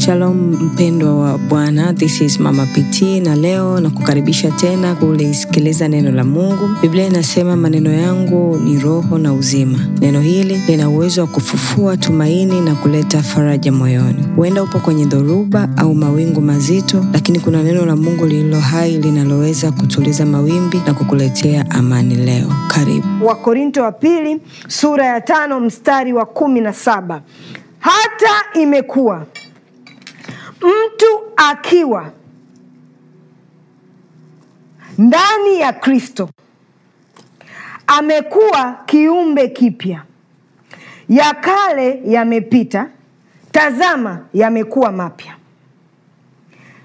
Shalom mpendwa wa Bwana, this is Mama PT na leo na kukaribisha tena kulisikiliza neno la Mungu. Biblia inasema maneno yangu ni roho na uzima. Neno hili lina uwezo wa kufufua tumaini na kuleta faraja moyoni. Huenda upo kwenye dhoruba au mawingu mazito, lakini kuna neno la Mungu lililo hai linaloweza kutuliza mawimbi na kukuletea amani leo. Karibu Wakorinto wa pili sura ya tano mstari wa kumi na saba hata imekuwa mtu akiwa ndani ya Kristo amekuwa kiumbe kipya, ya kale yamepita, tazama yamekuwa mapya.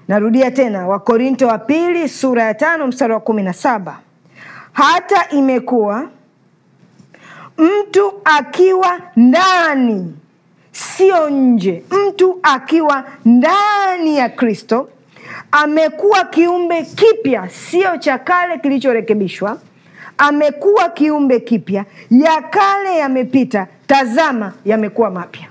Narudia tena, Wakorinto wa pili sura ya tano mstari wa kumi na saba hata imekuwa mtu akiwa ndani sio nje. Mtu akiwa ndani ya Kristo amekuwa kiumbe kipya, sio cha kale kilichorekebishwa. Amekuwa kiumbe kipya, ya kale yamepita, tazama, yamekuwa mapya.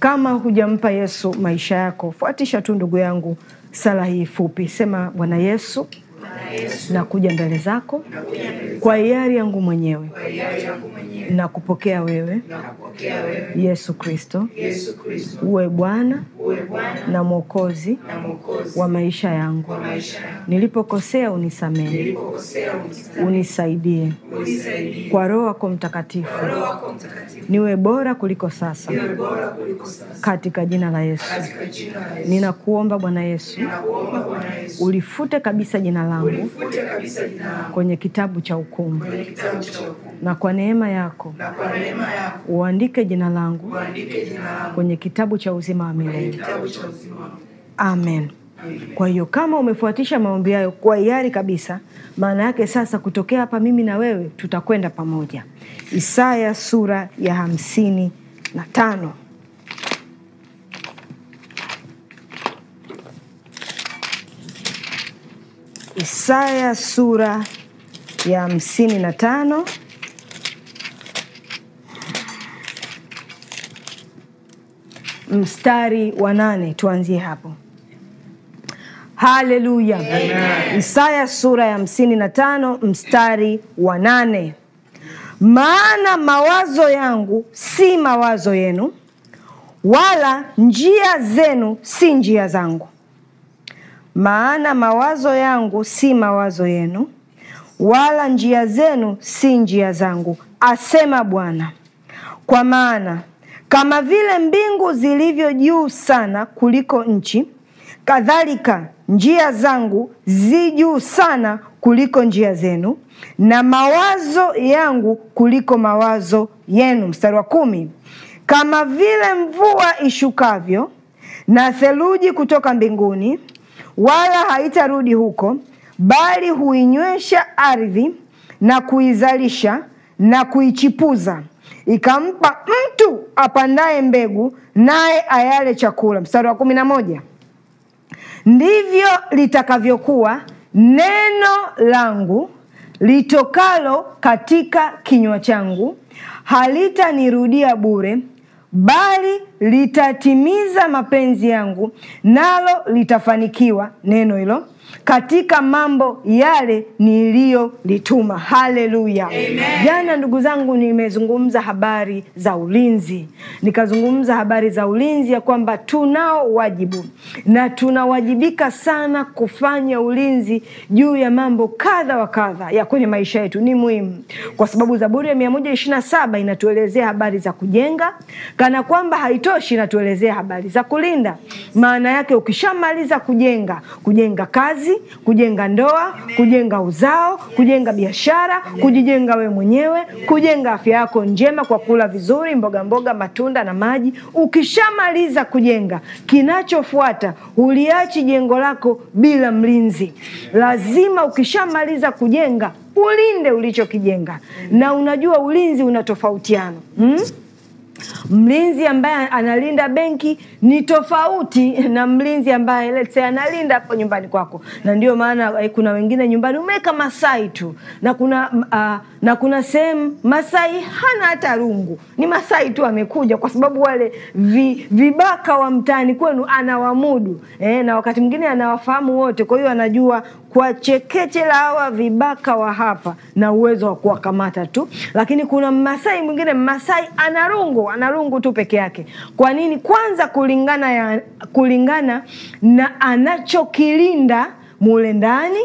Kama hujampa Yesu maisha yako, fuatisha tu ndugu yangu sala hii fupi, sema: Bwana Yesu, na kuja mbele zako kwa hiari yangu mwenyewe na kupokea wewe Yesu Kristo uwe Bwana na Mwokozi wa maisha yangu. Nilipokosea unisamehe, unisaidie kwa Roho wako Mtakatifu, niwe bora kuliko sasa, katika jina la Yesu ninakuomba. Bwana Yesu ulifute kabisa jina langu langu kwenye kitabu cha hukumu, na kwa neema yako uandike jina langu kwenye kitabu cha uzima wa milele. Amen. Kwa hiyo kama umefuatisha maombi hayo kwa hiari kabisa, maana yake sasa kutokea hapa mimi na wewe tutakwenda pamoja. Isaya sura ya hamsini na tano. Isaya sura ya hamsini na tano mstari wa nane tuanzie hapo. Haleluya! Isaya sura ya hamsini na tano mstari wa nane maana mawazo yangu si mawazo yenu, wala njia zenu si njia zangu, maana mawazo yangu si mawazo yenu, wala njia zenu si njia zangu, asema Bwana. Kwa maana kama vile mbingu zilivyo juu sana kuliko nchi, kadhalika njia zangu zi juu sana kuliko njia zenu, na mawazo yangu kuliko mawazo yenu. Mstari wa kumi. Kama vile mvua ishukavyo na theluji kutoka mbinguni wala haitarudi huko, bali huinywesha ardhi na kuizalisha na kuichipuza, ikampa mtu apandaye mbegu, naye ayale chakula. Mstari wa kumi na moja ndivyo litakavyokuwa neno langu litokalo katika kinywa changu, halitanirudia bure bali litatimiza mapenzi yangu, nalo litafanikiwa. Neno hilo katika mambo yale niliyolituma. Haleluya! Jana ndugu zangu, nimezungumza habari za ulinzi, nikazungumza habari za ulinzi ya kwamba tunao wajibu na tunawajibika sana kufanya ulinzi juu ya mambo kadha wa kadha ya kwenye maisha yetu. Ni muhimu kwa sababu Zaburi ya 127 inatuelezea habari za kujenga, kana kwamba haitoshi, inatuelezea habari za kulinda. Maana yake ukishamaliza kujenga, kujenga kazi kazi, kujenga ndoa, kujenga uzao, kujenga biashara, kujijenga we mwenyewe, kujenga afya yako njema kwa kula vizuri, mboga mboga, matunda na maji. Ukishamaliza kujenga, kinachofuata uliachi jengo lako bila mlinzi. Lazima ukishamaliza kujenga ulinde ulichokijenga, na unajua ulinzi una tofautiana hmm? Mlinzi ambaye analinda benki ni tofauti na mlinzi ambaye let's say analinda hapo nyumbani kwako, na ndio maana eh, kuna wengine nyumbani umeweka Masai tu na kuna uh, na kuna sehemu Masai hana hata rungu, ni Masai tu amekuja, kwa sababu wale vi, vibaka wa mtaani kwenu anawamudu eh, na wakati mwingine anawafahamu wote, kwa hiyo anajua kwa chekeche la hawa vibaka wa hapa na uwezo wa kuwakamata tu, lakini kuna Masai mwingine Masai ana rungu analungu tu peke yake. Kwa nini? Kwanza kulingana, ya, kulingana na anachokilinda mule ndani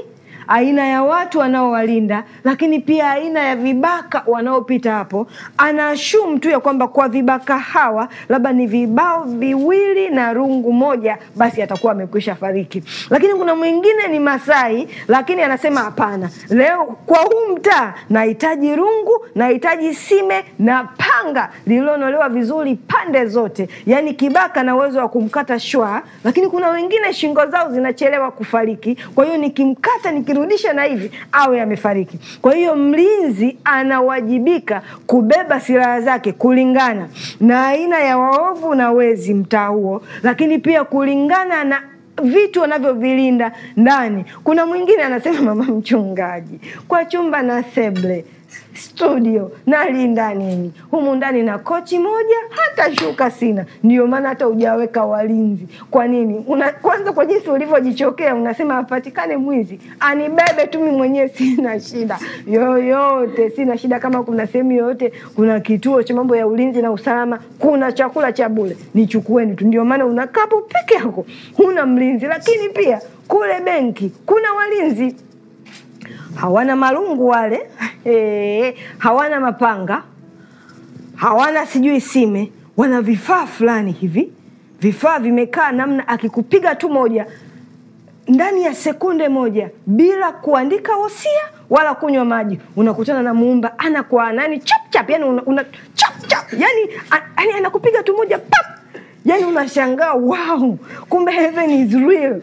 aina ya watu wanaowalinda, lakini pia aina ya vibaka wanaopita hapo. Anashum tu ya kwamba kwa vibaka hawa labda ni vibao viwili na rungu moja, basi atakuwa amekwisha fariki. Lakini kuna mwingine ni Masai, lakini anasema hapana, leo kwa huu mtaa nahitaji rungu, nahitaji sime na panga lililonolewa vizuri pande zote, yaani kibaka na uwezo wa kumkata shwa. Lakini kuna wengine shingo zao zinachelewa kufariki, kwa hiyo nikimkata niki akirudisha na hivi awe amefariki. Kwa hiyo mlinzi anawajibika kubeba silaha zake kulingana na aina ya waovu na wezi mtaa huo, lakini pia kulingana na vitu wanavyovilinda ndani. Kuna mwingine anasema mama mchungaji, kwa chumba na seble studio nali ndani humu ndani na kochi moja, hata shuka sina. Ndio maana hata hujaweka walinzi. Kwa nini? Una, kwanza kwa jinsi ulivyojichokea unasema apatikane mwizi anibebe tu, mimi mwenyewe sina shida yoyote, sina shida. Kama kuna sehemu yoyote kuna kituo cha mambo ya ulinzi na usalama, kuna chakula cha bure, nichukueni tu. Ndio maana unakapo peke yako, huna mlinzi, lakini pia kule benki kuna walinzi hawana marungu wale e, hawana mapanga hawana sijui sime, wana vifaa fulani hivi, vifaa vimekaa namna, akikupiga tu moja ndani ya sekunde moja bila kuandika wosia wala kunywa maji, unakutana na muumba ana kwa anani yani una, una yani, an, yani anakupiga tu moja pap yani unashangaa wow, kumbe heaven is real.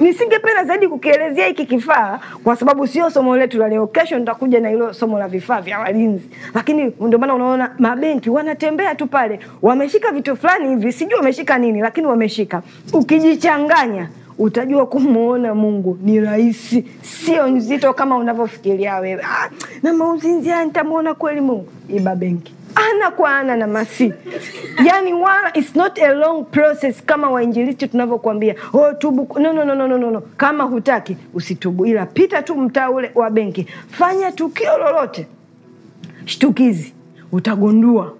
Nisingependa zaidi kukielezea hiki kifaa kwa sababu sio somo letu la leo. Kesho nitakuja na hilo somo la vifaa vya walinzi, lakini ndio maana unaona mabenki wanatembea tu pale, wameshika vitu fulani hivi, sijui wameshika nini, lakini wameshika. Ukijichanganya utajua kumwona Mungu ni rahisi, sio nzito kama unavyofikiria wewe. Ah, na mauzinzia nitamwona kweli Mungu? Iba benki ana kwa ana na masi yani, wala it's not a long process kama wainjilisti tunavyokuambia, oh, tubu. No, no, no, no, no, no. Kama hutaki usitubu, ila pita tu mtaa ule wa benki, fanya tukio lolote shtukizi, utagundua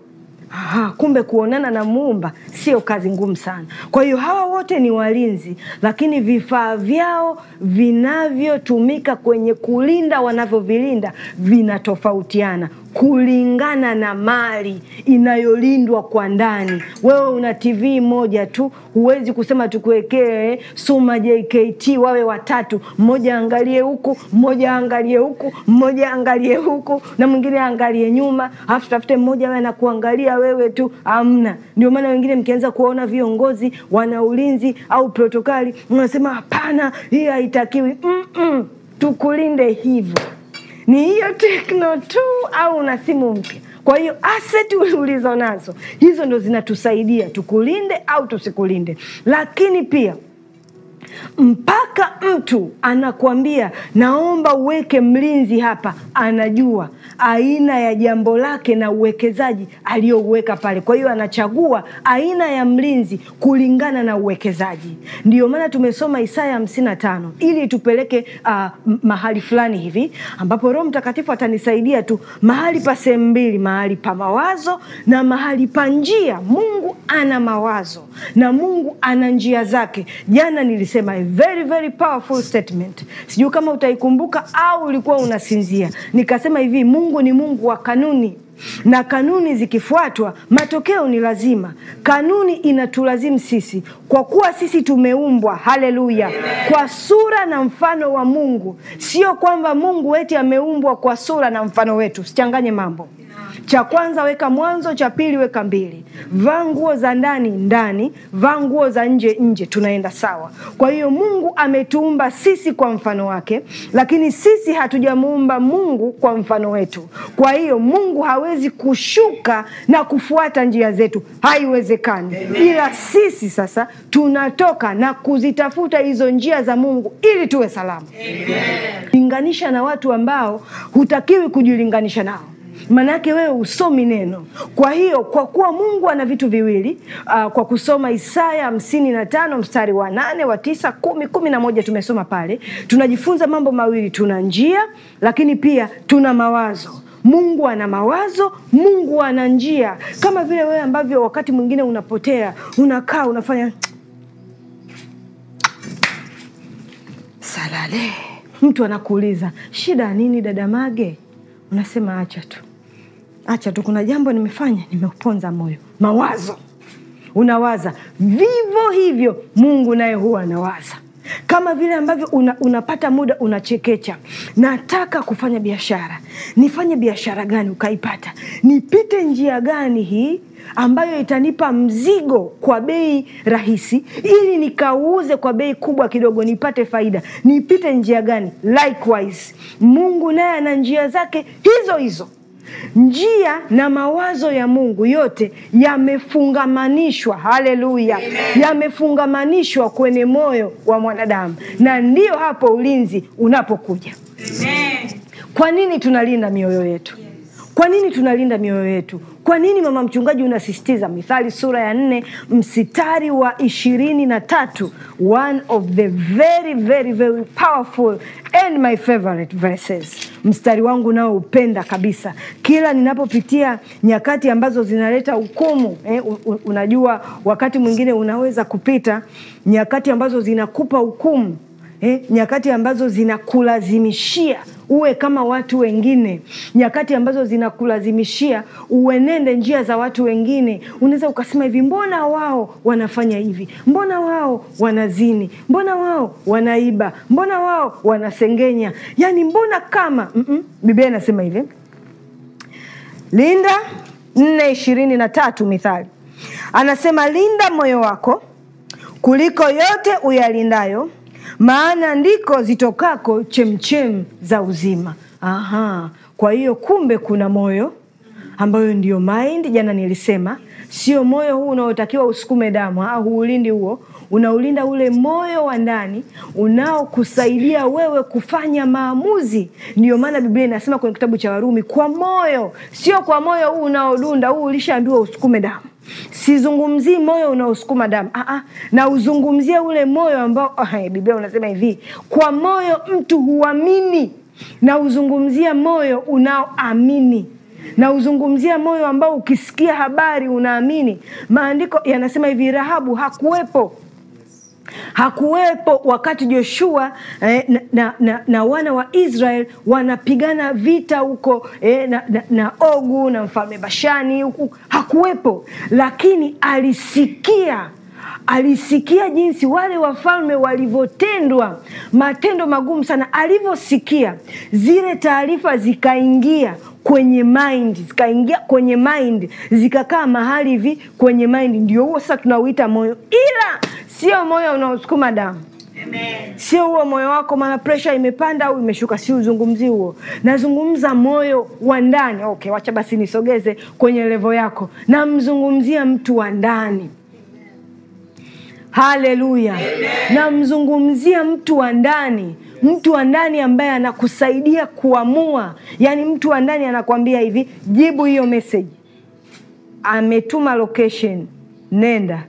Aha, kumbe kuonana na muumba sio kazi ngumu sana. Kwa hiyo hawa wote ni walinzi, lakini vifaa vyao vinavyotumika kwenye kulinda wanavyovilinda vinatofautiana kulingana na mali inayolindwa kwa ndani. Wewe una TV moja tu, huwezi kusema tukuwekee eh, Suma JKT wawe watatu, mmoja angalie huku, mmoja angalie huku, mmoja angalie huku na mwingine angalie nyuma, alafu tafute mmoja awe anakuangalia wewe tu. Amna. Ndio maana wengine mkianza kuwaona viongozi wana ulinzi au protokali, mnasema hapana, hii haitakiwi. Mm -mm, tukulinde hivyo ni hiyo Tekno tu au una simu mpya. Kwa hiyo aset ulizo nazo hizo ndo zinatusaidia tukulinde au tusikulinde, lakini pia mpaka mtu anakuambia naomba uweke mlinzi hapa, anajua aina ya jambo lake na uwekezaji aliyouweka pale. Kwa hiyo anachagua aina ya mlinzi kulingana na uwekezaji. Ndiyo maana tumesoma Isaya 55 ili tupeleke uh, mahali fulani hivi ambapo Roho Mtakatifu atanisaidia tu mahali pa sehemu mbili, mahali pa mawazo na mahali pa njia. Mungu ana mawazo na Mungu ana njia zake. Jana nilisema amesema a very very powerful statement, sijui kama utaikumbuka au ulikuwa unasinzia. Nikasema hivi, Mungu ni Mungu wa kanuni na kanuni zikifuatwa, matokeo ni lazima. Kanuni inatulazimu sisi, kwa kuwa sisi tumeumbwa, haleluya, kwa sura na mfano wa Mungu. Sio kwamba Mungu eti ameumbwa kwa sura na mfano wetu, sichanganye mambo cha kwanza weka mwanzo, cha pili weka mbili. Vaa nguo za ndani ndani, vaa nguo za nje nje, tunaenda sawa. Kwa hiyo Mungu ametuumba sisi kwa mfano wake, lakini sisi hatujamuumba Mungu kwa mfano wetu. Kwa hiyo Mungu hawe hawezi kushuka na kufuata njia zetu, haiwezekani. Ila sisi sasa tunatoka na kuzitafuta hizo njia za Mungu ili tuwe salama. Linganisha na watu ambao hutakiwi kujilinganisha nao Manake wewe usomi neno. Kwa hiyo kwa kuwa Mungu ana vitu viwili uh, kwa kusoma Isaya hamsini na tano mstari wa nane wa tisa kumi kumi na moja tumesoma pale, tunajifunza mambo mawili, tuna njia lakini pia tuna mawazo. Mungu ana mawazo, Mungu ana njia, kama vile wewe ambavyo wakati mwingine unapotea, unakaa unafanya salale, mtu anakuuliza shida nini, dada Mage? Unasema acha tu, acha tu, kuna jambo nimefanya, nimeuponza moyo. Mawazo unawaza vivyo hivyo, Mungu naye huwa anawaza kama vile ambavyo una, unapata muda unachekecha, nataka kufanya biashara, nifanye biashara gani? Ukaipata, nipite njia gani hii ambayo itanipa mzigo kwa bei rahisi ili nikauze kwa bei kubwa kidogo nipate faida, nipite njia gani? Likewise, Mungu naye ana njia zake hizo hizo njia na mawazo ya Mungu yote yamefungamanishwa, haleluya, yamefungamanishwa kwenye moyo wa mwanadamu, na ndiyo hapo ulinzi unapokuja. Kwa nini tunalinda mioyo yetu? Kwa nini tunalinda mioyo yetu? Kwa nini mama mchungaji unasisitiza Mithali sura ya nne msitari wa ishirini na tatu one of the very, very, very powerful and my favorite verses, mstari wangu nao upenda kabisa. Kila ninapopitia nyakati ambazo zinaleta hukumu eh, unajua wakati mwingine unaweza kupita nyakati ambazo zinakupa hukumu eh, nyakati ambazo zinakulazimishia uwe kama watu wengine, nyakati ambazo zinakulazimishia uenende njia za watu wengine. Unaweza ukasema hivi, mbona wao wanafanya hivi? Mbona wao wanazini? Mbona wao wanaiba? Mbona wao wanasengenya? Yani mbona kama mm -mm. Biblia inasema hivi, linda nne ishirini na tatu Mithali anasema linda moyo wako kuliko yote uyalindayo maana ndiko zitokako chemchem za uzima. Aha, kwa hiyo kumbe kuna moyo ambayo ndio mind. Jana nilisema sio moyo huu unaotakiwa usukume damu huulindi huo, unaulinda ule moyo wa ndani unaokusaidia wewe kufanya maamuzi. Ndiyo maana Biblia inasema kwenye kitabu cha Warumi, kwa moyo, sio kwa moyo huu unaodunda huu, ulishaambiwa usukume damu Sizungumzii moyo unaosukuma damu ah, ah, na uzungumzie ule moyo ambao oh, Biblia unasema hivi, kwa moyo mtu huamini, na uzungumzia moyo unaoamini na uzungumzia moyo ambao ukisikia habari unaamini. Maandiko yanasema hivi, Rahabu hakuwepo hakuwepo wakati Joshua eh, na, na, na, na wana wa Israel wanapigana vita huko eh, na, na, na Ogu na mfalme Bashani huku hakuwepo, lakini alisikia alisikia jinsi wale wafalme walivyotendwa matendo magumu sana. Alivyosikia zile taarifa zikaingia kwenye mind zikaingia kwenye mind zikakaa mahali hivi kwenye mind, ndio huo sasa tunauita moyo, ila sio moyo unaosukuma damu sio huo moyo wako, maana presha imepanda au imeshuka, si uzungumzi huo. Nazungumza moyo wa ndani. Okay, wacha basi nisogeze kwenye levo yako, namzungumzia mtu wa ndani. Haleluya! Namzungumzia mtu wa ndani, mtu wa ndani ambaye anakusaidia kuamua. Yaani mtu wa ndani anakuambia hivi, jibu hiyo meseji, ametuma location, nenda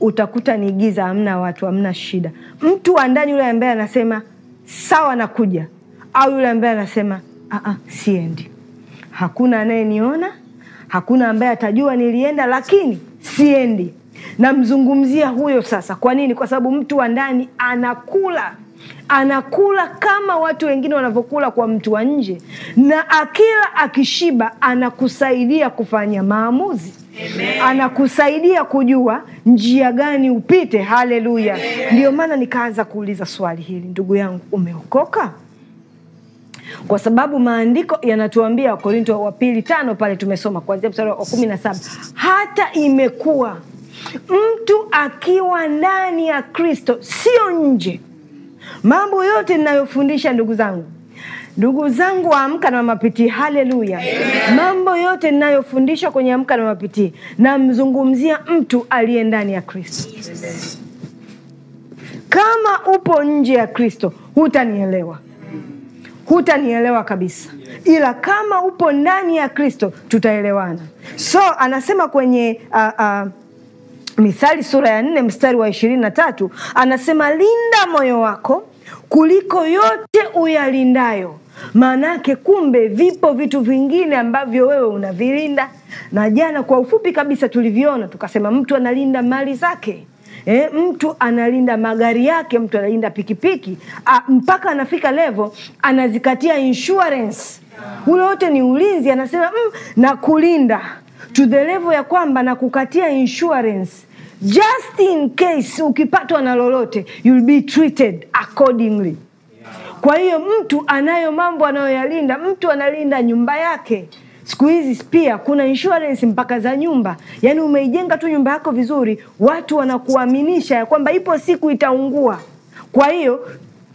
utakuta ni giza, hamna watu, hamna shida. Mtu wa ndani yule ambaye anasema sawa, nakuja, au yule ambaye anasema ah, ah, siendi, hakuna anayeniona, hakuna ambaye atajua nilienda, lakini siendi namzungumzia huyo sasa. Kwa nini? Kwa sababu mtu wa ndani anakula anakula kama watu wengine wanavyokula kwa mtu wa nje, na akila akishiba, anakusaidia kufanya maamuzi Amen. Anakusaidia kujua njia gani upite. Haleluya! Ndiyo maana nikaanza kuuliza swali hili, ndugu yangu, umeokoka? Kwa sababu maandiko yanatuambia Wakorinto wa pili tano pale tumesoma kuanzia mstari wa kumi na saba hata imekuwa Mtu akiwa ndani ya Kristo, sio nje. Mambo yote ninayofundisha ndugu zangu Ndugu zangu Amka na mapitii haleluya! Mambo yote ninayofundishwa kwenye Amka na mapitii namzungumzia mtu aliye ndani ya Kristo. Kama upo nje ya Kristo hutanielewa, hutanielewa kabisa, ila kama upo ndani ya Kristo tutaelewana. So anasema kwenye uh, uh, Mithali sura ya nne mstari wa ishirini na tatu anasema linda moyo wako kuliko yote uyalindayo. Maana yake kumbe, vipo vitu vingine ambavyo wewe unavilinda. Na jana kwa ufupi kabisa tuliviona, tukasema mtu analinda mali zake E, mtu analinda magari yake, mtu analinda pikipiki a, mpaka anafika levo anazikatia insurance. Ule wote ni ulinzi, anasema mm, na kulinda to the level ya kwamba na kukatia insurance just in case ukipatwa na lolote you'll be treated accordingly. Kwa hiyo mtu anayo mambo anayoyalinda, mtu analinda nyumba yake. Siku hizi pia kuna insurance mpaka za nyumba, yaani umeijenga tu nyumba yako vizuri, watu wanakuaminisha ya kwamba ipo siku itaungua. Kwa hiyo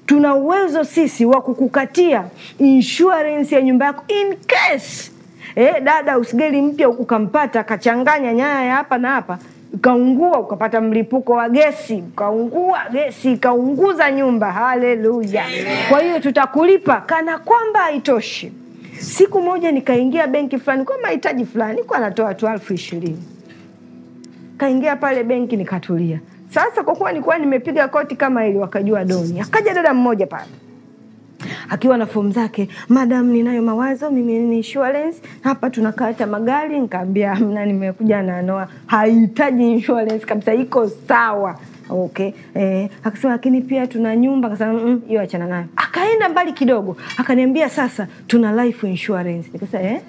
tuna uwezo sisi wa kukukatia insurance ya nyumba yako in case eh, dada usigeli mpya ukampata kachanganya nyaya ya hapa na hapa ukaungua ukapata mlipuko wa gesi ukaungua gesi ikaunguza nyumba. Haleluya! Kwa hiyo tutakulipa kana kwamba haitoshi. Siku moja nikaingia benki fulani kwa mahitaji fulani, kwa natoa tu elfu ishirini kaingia pale benki nikatulia. Sasa kwa kuwa nilikuwa nimepiga koti kama ili wakajua doni. Akaja dada mmoja pale akiwa na fomu zake, madam, ninayo mawazo mimi ni insurance hapa, tunakata magari. Nikaambia hamna, nimekuja na noa, haihitaji insurance kabisa, iko sawa. Okay. Eh, akasema lakini pia tuna nyumba. Akasema mm, mm, hiyo achana nayo. Akaenda mbali kidogo, akaniambia sasa tuna life insurance. Nikasema eh?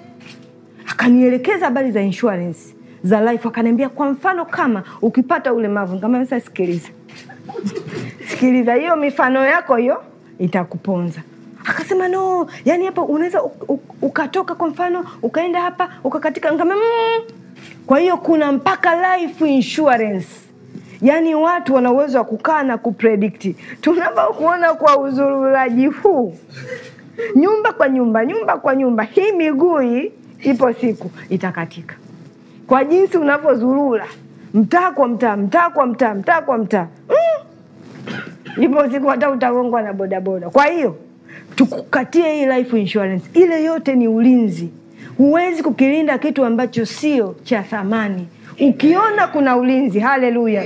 Akanielekeza habari za insurance za life, akaniambia kwa mfano kama ukipata ulemavu. Nikamwambia sasa, sikiliza sikiliza, hiyo mifano yako hiyo itakuponza akasema no yani hapa unaweza ukatoka kwa mfano ukaenda hapa ukakatika ngame mm. kwa hiyo kuna mpaka life insurance yaani watu wana uwezo wa kukaa na kupredikti tunavyo kuona kwa uzururaji huu nyumba kwa nyumba nyumba kwa nyumba hii miguu ipo siku itakatika kwa jinsi unavyozurura mtaa kwa mtaa mtaa kwa mtaa mtaa kwa mtaa mm ipo siku hata utagongwa na bodaboda. Kwa hiyo tukukatie hii life insurance, ile yote ni ulinzi. Huwezi kukilinda kitu ambacho sio cha thamani. Ukiona kuna ulinzi, haleluya!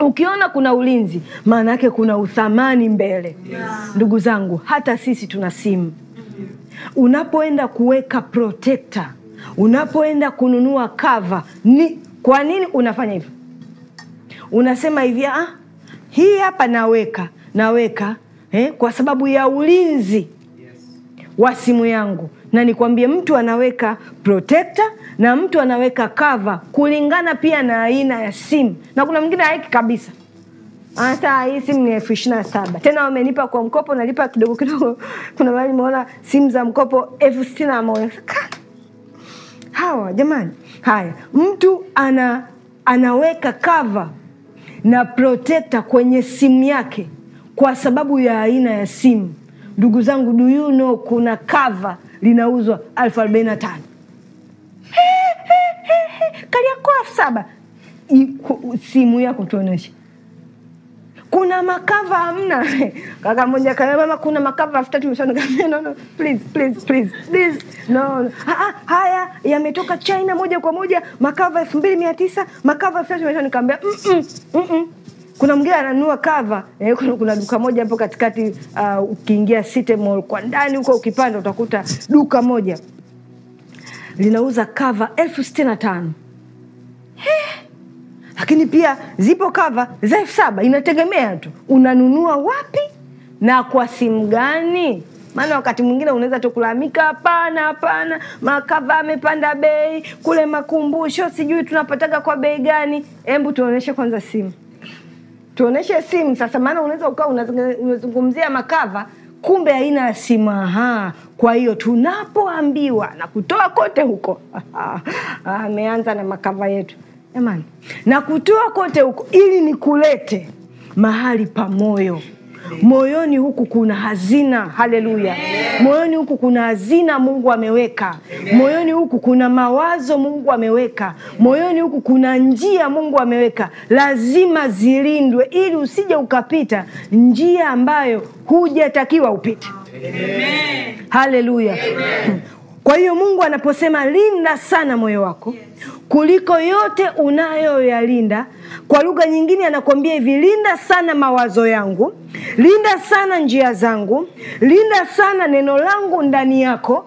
Ukiona kuna ulinzi, maana yake kuna uthamani mbele. Yes. Ndugu zangu, hata sisi tuna simu. Unapoenda kuweka protekta unapoenda kununua kava ni kwa nini unafanya hivyo? Unasema hivi ah hii hapa naweka naweka eh, kwa sababu ya ulinzi wa simu yangu na nikwambie, mtu anaweka protekta na mtu anaweka kava kulingana pia na aina ya simu, na kuna mwingine aweki kabisa. Hata hii simu ni elfu ishirini na saba tena wamenipa kwa mkopo, nalipa kidogo kidogo. Kuna mali meona simu za mkopo elfu sitini na moja hawa jamani. Haya, mtu ana, anaweka kava na protekta kwenye simu yake kwa sababu ya aina ya simu. Ndugu zangu, do you know kuna kava linauzwa elfu arobaini na tano kaliakoa elfu saba simu yako tuonyeshe kuna makava amna Kaka moja kaniambia mama, kuna makava elfu tatu mia tano. no, no, please please please please no, no. Ha, ha, haya yametoka China moja kwa moja, makava elfu mbili mia tisa makava elfu tatu mia tano. Nikamwambia mm -mm, mm -mm. Kuna mgeni ananua kava eh, kuna, kuna duka moja hapo katikati uh, ukiingia City Mall kwa ndani huko ukipanda utakuta duka moja linauza kava elfu sitini na tano. Hey lakini pia zipo kava za elfu saba inategemea tu unanunua wapi na kwa simu gani maana wakati mwingine unaweza tukulamika hapana hapana, makava amepanda bei kule, makumbusho sijui tunapataga kwa bei gani. embu tuonyeshe kwanza simu, tuoneshe simu sasa, maana unaweza ukawa unazungumzia makava kumbe aina ya simu. Aha, kwa hiyo tunapoambiwa na kutoa kote huko ameanza na makava yetu jamani, na kutoa kote huko ili nikulete mahali pa moyo moyoni huku kuna hazina. Haleluya! moyoni huku kuna hazina Mungu ameweka moyoni huku kuna mawazo Mungu ameweka moyoni huku kuna njia Mungu ameweka, lazima zilindwe, ili usije ukapita njia ambayo hujatakiwa upite. Haleluya! Kwa hiyo Mungu anaposema linda sana moyo wako kuliko yote unayoyalinda, kwa lugha nyingine anakuambia hivi, linda sana mawazo yangu, linda sana njia zangu, linda sana neno langu ndani yako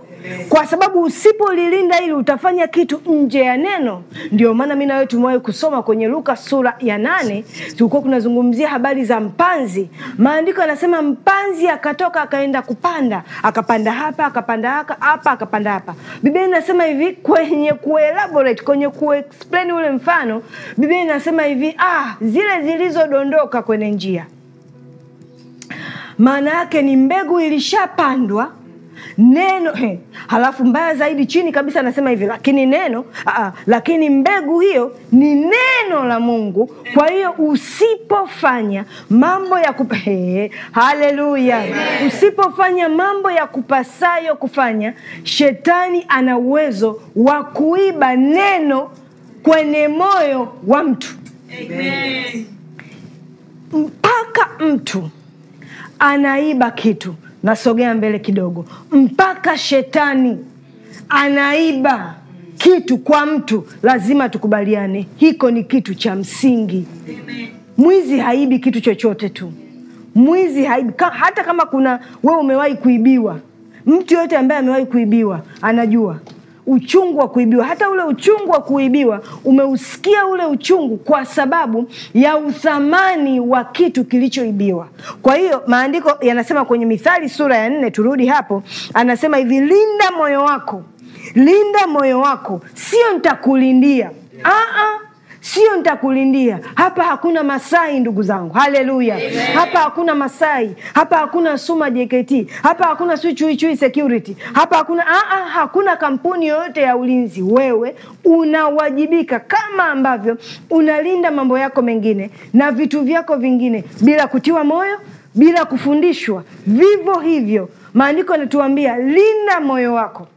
kwa sababu usipolilinda ili utafanya kitu nje ya neno. Ndio maana mi nawe tumewahi kusoma kwenye Luka sura ya nane, tulikuwa tunazungumzia habari za mpanzi. Maandiko yanasema mpanzi akatoka akaenda kupanda, akapanda hapa akapanda haka, hapa akapanda hapa. Biblia inasema hivi kwenye kuelaborate, kwenye kuexplain ule mfano, Biblia inasema hivi ah, zile zilizodondoka kwenye njia, maana yake ni mbegu ilishapandwa neno he, halafu mbaya zaidi chini kabisa anasema hivi lakini neno aa, lakini mbegu hiyo ni neno la Mungu. Kwa hiyo usipofanya mambo ya kupa, he, haleluya, usipofanya mambo ya kupasayo kufanya, shetani ana uwezo wa kuiba neno kwenye moyo wa mtu Amen. Mpaka mtu anaiba kitu nasogea mbele kidogo, mpaka shetani anaiba kitu kwa mtu, lazima tukubaliane, hiko ni kitu cha msingi. Mwizi haibi kitu chochote tu, mwizi haibi ka, hata kama kuna wewe umewahi kuibiwa, mtu yoyote ambaye amewahi kuibiwa anajua uchungu wa kuibiwa, hata ule uchungu wa kuibiwa umeusikia ule uchungu kwa sababu ya uthamani wa kitu kilichoibiwa. Kwa hiyo maandiko yanasema kwenye Mithali sura ya nne, turudi hapo, anasema hivi, linda moyo wako, linda moyo wako, sio ntakulindia yeah. Ah sio ntakulindia Hapa hakuna Masai ndugu zangu, haleluya! Hapa hakuna Masai, hapa hakuna Suma JKT, hapa hakuna si Chuichui Security, hapa hakuna aa, ah, ah, hakuna kampuni yoyote ya ulinzi. Wewe unawajibika kama ambavyo unalinda mambo yako mengine na vitu vyako vingine bila kutiwa moyo, bila kufundishwa. vivo hivyo maandiko yanatuambia linda moyo wako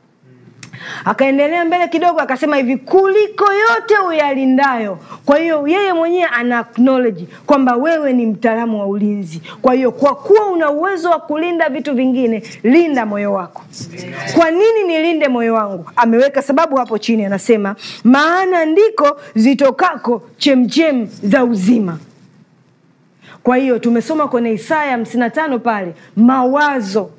Akaendelea mbele kidogo, akasema hivi, kuliko yote uyalindayo. Kwa hiyo yeye mwenyewe ana acknowledge kwamba wewe ni mtaalamu wa ulinzi. Kwa hiyo kwa kuwa una uwezo wa kulinda vitu vingine, linda moyo wako. Kwa nini nilinde moyo wangu? Ameweka sababu hapo chini, anasema maana ndiko zitokako chemchem za uzima. Kwa hiyo tumesoma kwenye Isaya 55 pale mawazo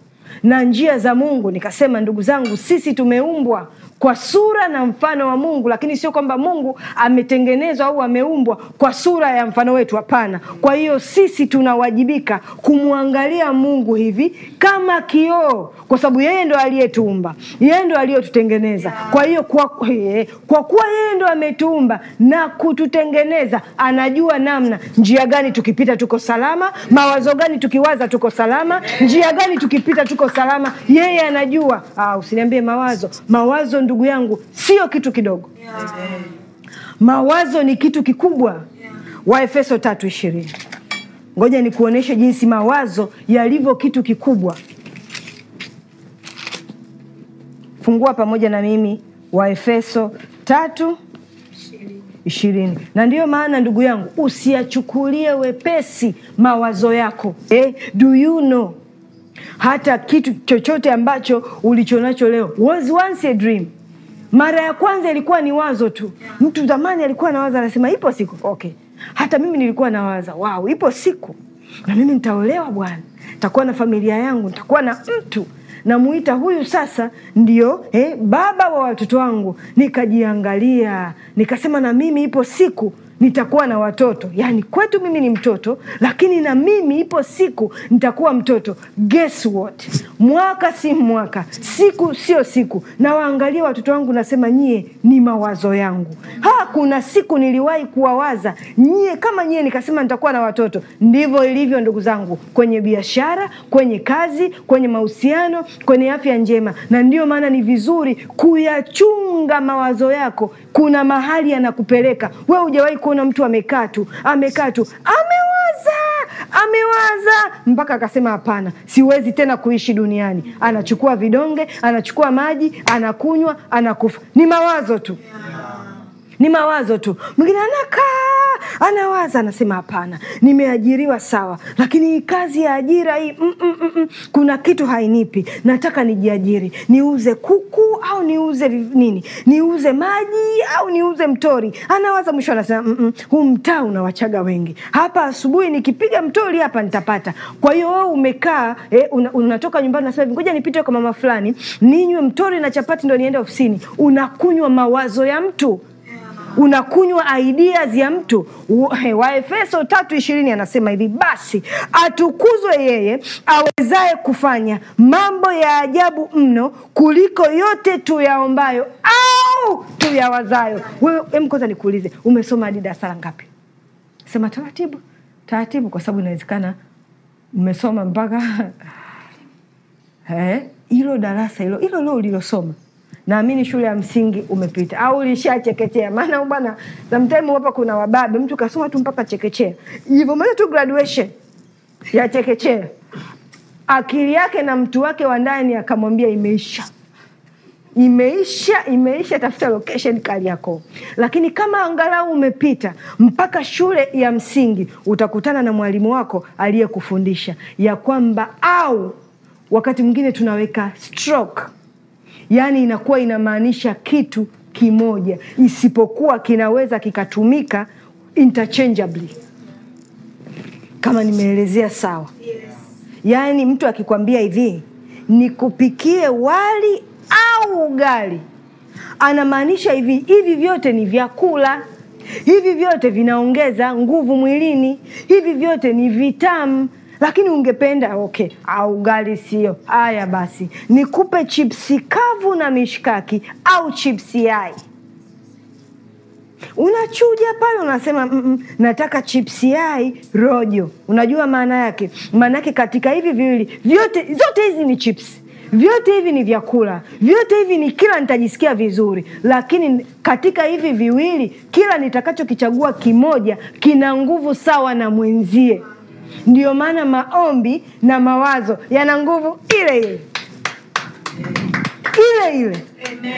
na njia za Mungu. Nikasema ndugu zangu, sisi tumeumbwa kwa sura na mfano wa Mungu, lakini sio kwamba Mungu ametengenezwa au ameumbwa kwa sura ya mfano wetu. Hapana. Kwa hiyo sisi tunawajibika kumwangalia Mungu hivi kama kioo, kwa sababu yeye ndo aliyetuumba, yeye ndo aliyotutengeneza. Kwa hiyo kwa, eh, kwa kuwa yeye ndo ametuumba na kututengeneza, anajua namna njia gani tukipita tuko salama, mawazo gani tukiwaza tuko salama, njia gani tukipita tuko salama. Yeye anajua. Ah, usiniambie mawazo, mawazo ndugu yangu sio kitu kidogo yeah. mawazo ni kitu kikubwa yeah. waefeso tatu ishirini ngoja nikuonyeshe jinsi mawazo yalivyo kitu kikubwa fungua pamoja na mimi waefeso tatu ishirini na ndiyo maana ndugu yangu usiyachukulie wepesi mawazo yako eh, do you know hata kitu chochote ambacho ulichonacho leo was once a dream mara ya kwanza ilikuwa ni wazo tu, mtu zamani alikuwa nawaza, anasema ipo siku okay. Hata mimi nilikuwa nawaza wow, ipo siku na mimi nitaolewa bwana, nitakuwa na familia yangu, nitakuwa na mtu namuita huyu sasa ndio eh, baba wa watoto wangu. Nikajiangalia nikasema, na mimi ipo siku nitakuwa na watoto. Yani kwetu mimi ni mtoto, lakini na mimi ipo siku nitakuwa mtoto. Guess what? Mwaka si mwaka, siku sio siku. Nawaangalia watoto wangu, nasema nyie ni mawazo yangu. Ha, kuna siku niliwahi kuwawaza nyie kama nyie, nikasema nitakuwa na watoto. Ndivyo ilivyo ndugu zangu, kwenye biashara, kwenye kazi, kwenye mahusiano, kwenye afya njema. Na ndiyo maana ni vizuri kuyachunga mawazo yako, kuna mahali yanakupeleka. We hujawahi kuona mtu amekaa tu amekaa tu amewaza amewaza mpaka akasema hapana, siwezi tena kuishi duniani. Anachukua vidonge, anachukua maji, anakunywa, anakufa. Ni mawazo tu ni mawazo tu. Mwingine anakaa anawaza, anasema hapana, nimeajiriwa sawa, lakini kazi ya ajira hii mm -mm -mm, mm kuna kitu hainipi. Nataka nijiajiri, niuze kuku au niuze nini, niuze maji au niuze mtori. Anawaza, mwisho anasema mm -mm, huu mtaa unawachaga wengi hapa, asubuhi nikipiga mtori hapa nitapata. Kwa hiyo wewe umekaa eh, una, unatoka nyumbani nasema ngoja nipite kwa mama fulani ninywe mtori na chapati ndo niende ofisini. Unakunywa mawazo ya mtu unakunywa ideas ya mtu. Waefeso tatu ishirini anasema hivi, basi atukuzwe yeye awezaye kufanya mambo ya ajabu mno kuliko yote tuyaombayo au tuyawazayo. Wewe kwanza nikuulize, umesoma hadi darasa ngapi? Sema taratibu taratibu, kwa sababu inawezekana umesoma mpaka eh, hilo darasa hilo hilo leo ulilosoma naamini shule ya msingi umepita au ulishachekechea. Maana bwana, sometimes hapa kuna wababe, mtu kasoma tu mpaka chekechea hivyo, maana tu graduation ya chekechea, akili yake na mtu wake wa ndani akamwambia imeisha imeisha imeisha, tafuta location yako. Lakini kama angalau umepita mpaka shule ya msingi, utakutana na mwalimu wako aliyekufundisha ya kwamba, au wakati mwingine tunaweka stroke yaani inakuwa inamaanisha kitu kimoja, isipokuwa kinaweza kikatumika interchangeably. Kama nimeelezea sawa? Yes. Yaani mtu akikwambia hivi nikupikie wali au ugali, anamaanisha hivi, hivi vyote ni vyakula hivi vyote vinaongeza nguvu mwilini, hivi vyote ni vitamu lakini ungependa okay, au ugali sio? Haya basi, nikupe chipsi kavu na mishkaki au chipsi yai? Unachuja pale unasema mm -mm, nataka chipsi yai rojo. Unajua maana yake? Maana yake katika hivi viwili vyote, zote hizi ni chipsi vyote hivi ni vyakula, vyote hivi ni kila nitajisikia vizuri, lakini katika hivi viwili, kila nitakachokichagua kimoja kina nguvu sawa na mwenzie. Ndiyo maana maombi na mawazo yana nguvu ile ile ile ile.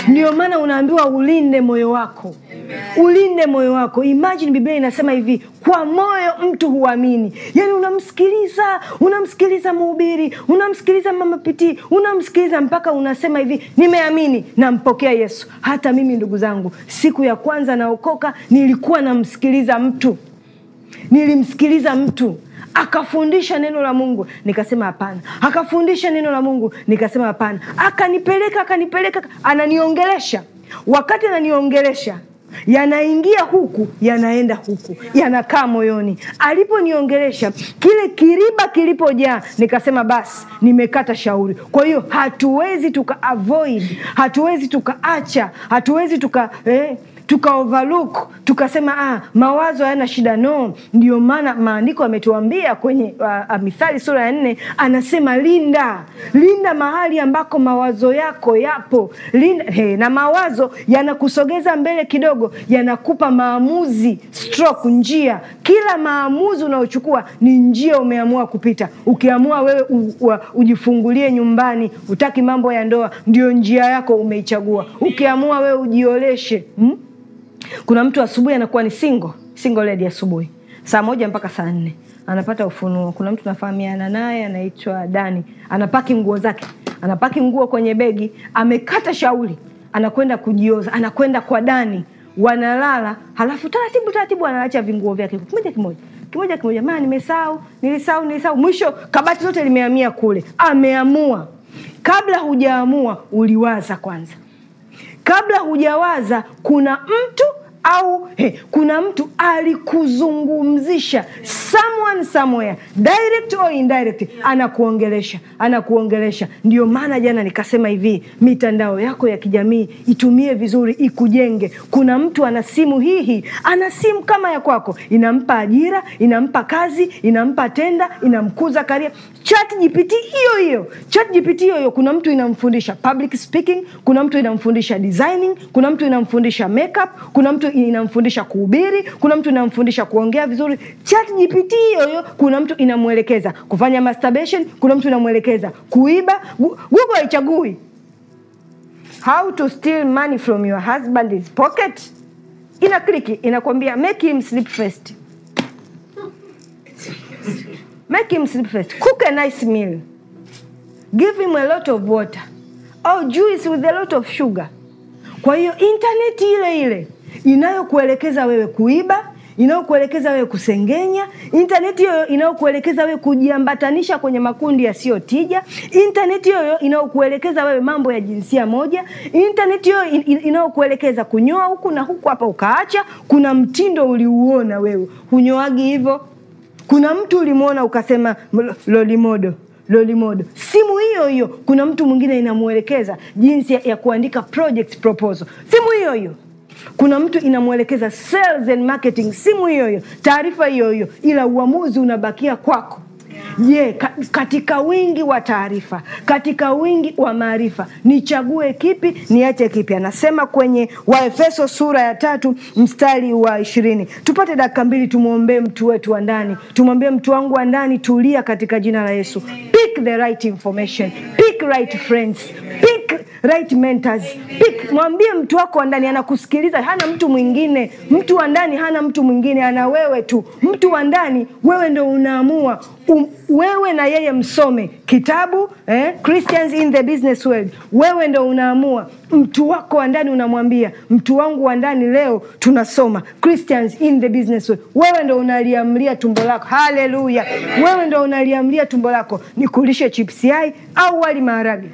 Ndiyo maana unaambiwa ulinde moyo wako. Amen. Ulinde moyo wako. imajini Biblia inasema hivi, kwa moyo mtu huamini. yani unamsikiliza, unamsikiliza mhubiri, unamsikiliza mama Pitii, unamsikiliza mpaka unasema hivi, nimeamini, nampokea Yesu. Hata mimi ndugu zangu, siku ya kwanza naokoka, nilikuwa namsikiliza mtu, nilimsikiliza mtu akafundisha neno la Mungu, nikasema hapana, akafundisha neno la Mungu, nikasema hapana, akanipeleka akanipeleka, ananiongelesha. Wakati ananiongelesha yanaingia huku yanaenda huku, yanakaa moyoni. Aliponiongelesha kile kiriba kilipojaa, nikasema basi, nimekata shauri. Kwa hiyo hatuwezi tuka avoid, hatuwezi tukaacha, hatuwezi tuka eh, tuka overlook tukasema, ah, mawazo hayana shida. No, ndio maana maandiko ametuambia kwenye uh, Mithali sura ya nne anasema linda linda mahali ambako mawazo yako yapo linda, he, na mawazo yanakusogeza mbele kidogo, yanakupa maamuzi stroke njia. Kila maamuzi unaochukua ni njia umeamua kupita. Ukiamua wewe u, u, ujifungulie nyumbani, utaki mambo ya ndoa, ndio njia yako umeichagua. Ukiamua wewe ujioleshe hmm? Kuna mtu asubuhi anakuwa ni single, single lady asubuhi saa moja mpaka saa nne anapata ufunuo. Kuna mtu nafahamiana naye anaitwa Dani, anapaki nguo zake, anapaki nguo kwenye begi, amekata shauri, anakwenda kujioza, anakwenda kwa Dani, wanalala, halafu taratibu taratibu anaacha vinguo vyake kimoja kimoja kimoja kimoja, maa nimesahau, nilisahau, nilisahau. Mwisho kabati lote limehamia kule. Ameamua. Kabla hujaamua uliwaza kwanza, kabla hujawaza kuna mtu au hey, kuna mtu alikuzungumzisha someone somewhere direct or indirect, anakuongelesha anakuongelesha. Ndio maana jana nikasema hivi, mitandao yako ya kijamii itumie vizuri, ikujenge. Kuna mtu ana simu hii hii, ana simu kama ya kwako, inampa ajira, inampa kazi, inampa tenda, inamkuza karia. Chat GPT hiyo hiyo, Chat GPT hiyo hiyo, kuna mtu inamfundisha public speaking, kuna mtu inamfundisha designing, kuna mtu inamfundisha makeup, kuna mtu inamfundisha kuhubiri, kuna mtu inamfundisha kuongea vizuri. Chat GPT hiyo, kuna mtu inamwelekeza kufanya masturbation, kuna mtu inamwelekeza kuiba. Google haichagui. How to steal money from your husband's pocket, ina kliki, inakwambia make him sleep first, make him sleep first, cook a nice meal, give him a lot of water au oh, juice with a lot of sugar. Kwa hiyo intaneti ile ile inayokuelekeza wewe kuiba, inayokuelekeza wewe kusengenya, intaneti hiyo inayokuelekeza wewe kujiambatanisha kwenye makundi yasiyo tija, intaneti hiyo inayokuelekeza wewe mambo ya jinsia moja, intaneti hiyo inayokuelekeza kunyoa huku na huku, hapa ukaacha. Kuna mtindo uliuona wewe, hunyoagi hivyo. Kuna mtu ulimwona ukasema lolimodo lolimodo. Simu hiyo hiyo, kuna mtu mwingine inamuelekeza jinsi ya kuandika project proposal, simu hiyo hiyo kuna mtu inamwelekeza sales and marketing, simu hiyo hiyo, taarifa hiyo hiyo, ila uamuzi unabakia kwako. Je, katika wingi wa taarifa, katika wingi wa maarifa nichague kipi, niache kipi? Anasema kwenye Waefeso sura ya tatu mstari wa ishirini. Tupate dakika mbili, tumwombee mtu wetu wa ndani, tumwambie mtu wangu wa ndani, tulia katika jina la Yesu. Pick the right information, pick right friends, pick right mentors, pick. Mwambie mtu wako wa ndani, anakusikiliza, hana mtu mwingine. Mtu wa ndani hana mtu mwingine, ana wewe tu. Mtu wa ndani, wewe ndo unaamua um wewe na yeye msome kitabu eh, Christians in the Business World. Wewe ndo unaamua mtu wako wa ndani, unamwambia mtu wangu wa ndani, leo tunasoma Christians in the Business World. Wewe ndo unaliamlia tumbo lako. Haleluya! Wewe ndo unaliamlia tumbo lako, nikulishe chipsi yai au wali maharage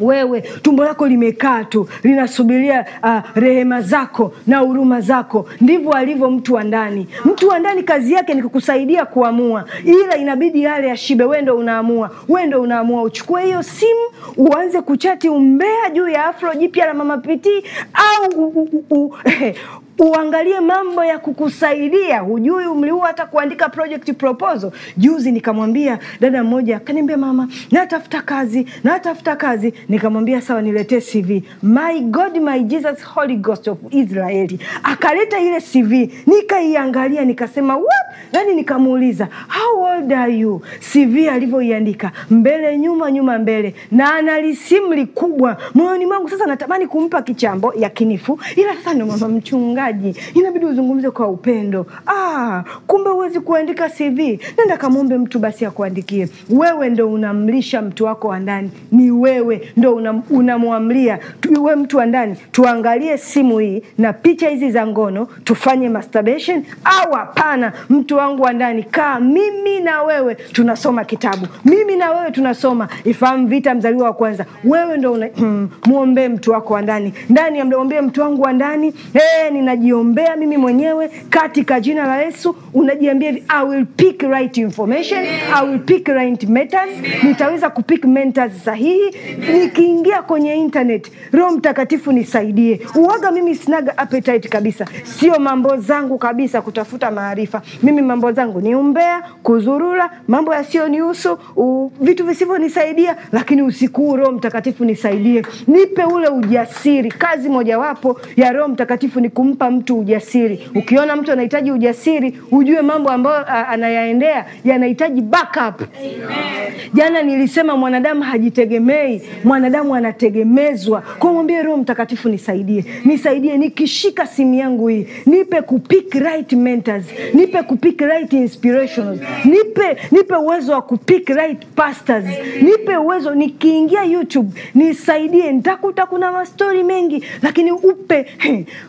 wewe tumbo lako limekaa tu linasubiria uh, rehema zako na huruma zako. Ndivyo alivyo mtu wa ndani. Mtu wa ndani kazi yake ni kukusaidia kuamua, ila inabidi yale yashibe. Wewe ndo unaamua, wewe ndo unaamua uchukue hiyo simu uanze kuchati umbea juu ya afro jipya la mama pitii au u, u, u, u, eh, uangalie mambo ya kukusaidia. Hujui umri huu hata kuandika project proposal. Juzi nikamwambia dada mmoja, kaniambia mama, natafuta kazi, natafuta kazi. Nikamwambia sawa, niletee CV. My God, my Jesus, Holy Ghost of Israeli akaleta ile CV, nikaiangalia, nikasema what? Nani, nikamuuliza how old are you? CV alivyoiandika mbele nyuma, nyuma mbele, na analisimli kubwa moyoni mwangu. Sasa natamani kumpa kichambo yakinifu, ila sasa ndo mama mchunga utangazaji, inabidi uzungumze kwa upendo. Ah, kumbe huwezi kuandika CV, nenda kamwombe mtu basi akuandikie. Wewe ndo unamlisha mtu wako wa ndani, ni wewe ndo unamwamlia we mtu wa ndani, tuangalie simu hii na picha hizi za ngono, tufanye masturbation au hapana? Mtu wangu wa ndani, kaa mimi na wewe tunasoma kitabu, mimi na wewe tunasoma Ifahamu Vita, Mzaliwa wa Kwanza. Wewe ndo hmm, muombee mtu wako wa ndani ndani, amwambie mtu wangu wa ndani hey, nina unajiombea mimi mwenyewe katika jina la Yesu, unajiambia hivi, I will pick right information, I will pick right mentors. Nitaweza kupick mentors sahihi nikiingia kwenye internet. Roho Mtakatifu nisaidie. Uoga mimi sinaga appetite kabisa, sio mambo zangu kabisa kutafuta maarifa. Mimi mambo zangu ni umbea, kuzurura, mambo yasiyonihusu, vitu visivyonisaidia. Lakini usiku huu Roho Mtakatifu nisaidie, nipe ule ujasiri. Kazi mojawapo ya Roho Mtakatifu ni kumpa kumpa mtu ujasiri. Ukiona mtu anahitaji ujasiri, ujue mambo ambayo anayaendea yanahitaji backup. Jana nilisema mwanadamu hajitegemei, mwanadamu anategemezwa. Kwa mwambie Roho Mtakatifu, nisaidie, nisaidie, nikishika simu yangu hii, nipe kupick right mentors, nipe kupick right inspirations, nipe nipe uwezo wa kupick right pastors, nipe uwezo nikiingia YouTube, nisaidie. Nitakuta kuna mastori mengi, lakini upe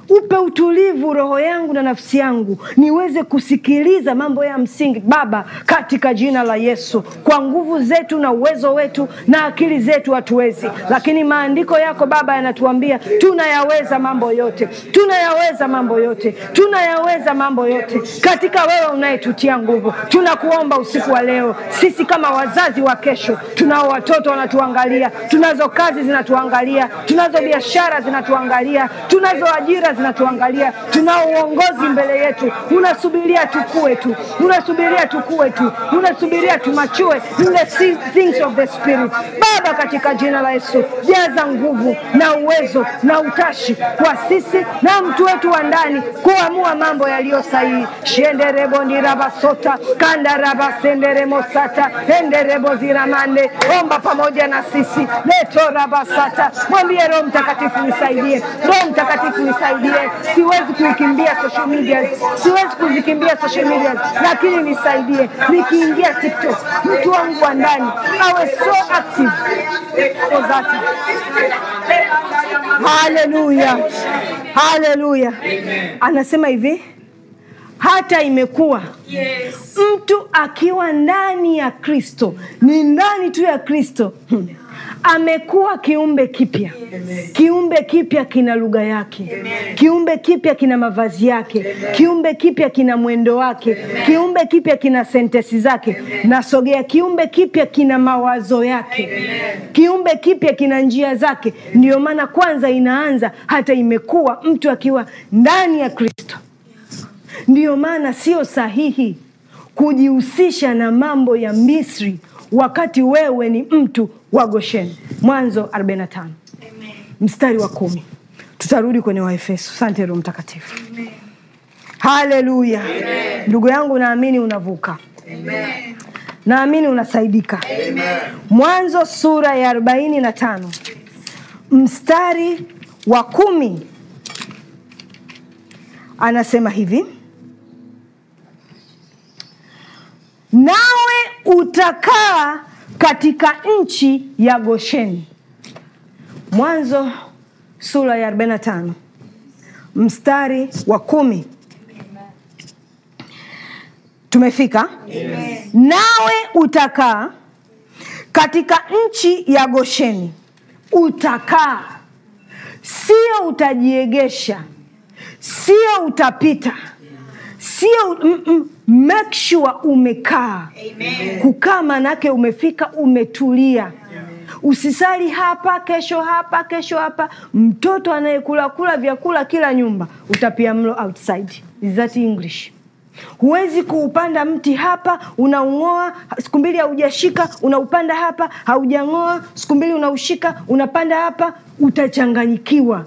upe utu utulivu roho yangu na nafsi yangu, niweze kusikiliza mambo ya msingi Baba, katika jina la Yesu. Kwa nguvu zetu na uwezo wetu na akili zetu hatuwezi, lakini maandiko yako Baba yanatuambia tunayaweza mambo yote, tunayaweza mambo yote, tunayaweza mambo yote katika wewe unayetutia nguvu. Tunakuomba usiku wa leo, sisi kama wazazi wa kesho, tunao watoto wanatuangalia, tunazo kazi zinatuangalia, tunazo biashara zinatuangalia, tunazo ajira zinatuangalia tunaangalia, tunao uongozi mbele yetu, unasubiria tukue tu, unasubiria tukue tu, unasubiria tumachue in the things of the spirit. Baba, katika jina la Yesu, jaza nguvu na uwezo na utashi kwa sisi na mtu wetu wa ndani kuamua mambo yaliyo sahihi. shenderebondirabasota kandaravasenderemosata endereboziramande omba pamoja na sisi letorabasata mwambie Roho Mtakatifu nisaidie, Roho Mtakatifu nisaidie si siwezi kuikimbia social media, siwezi kuzikimbia social media, lakini nisaidie nikiingia TikTok, mtu wangu wa ndani awe so active for that. Haleluya, haleluya. Anasema hivi hata imekuwa yes. Mtu akiwa ndani ya Kristo, ni ndani tu ya Kristo hmm amekuwa kiumbe kipya. Kiumbe kipya kina lugha yake Amen. Kiumbe kipya kina mavazi yake Amen. Kiumbe kipya kina mwendo wake Amen. Kiumbe kipya kina sentesi zake nasogea. Kiumbe kipya kina mawazo yake Amen. Kiumbe kipya kina njia zake. Ndiyo maana kwanza inaanza hata imekuwa mtu akiwa ndani ya Kristo. Ndiyo maana sio sahihi kujihusisha na mambo ya Misri wakati wewe ni mtu wa Gosheni. Mwanzo 45 Amen. mstari wa kumi. Tutarudi kwenye Waefeso. Asante Roho Mtakatifu. Haleluya! Ndugu yangu, naamini unavuka. Amen. Naamini unasaidika. Amen. Mwanzo sura ya 45 mstari wa kumi anasema hivi: nawe utakaa katika nchi ya Gosheni. Mwanzo sura ya 45 mstari wa kumi. Tumefika? Amen. Nawe utakaa katika nchi ya Gosheni, utakaa, sio utajiegesha, sio utapita sio mm -mm, make sure umekaa. Kukaa manake umefika, umetulia Usisali hapa kesho, hapa kesho, hapa. Mtoto anayekula kula vyakula kila nyumba utapia mlo outside. that English? Huwezi kuupanda mti hapa unaung'oa, siku mbili haujashika, unaupanda hapa haujang'oa, siku mbili unaushika, unapanda hapa, utachanganyikiwa.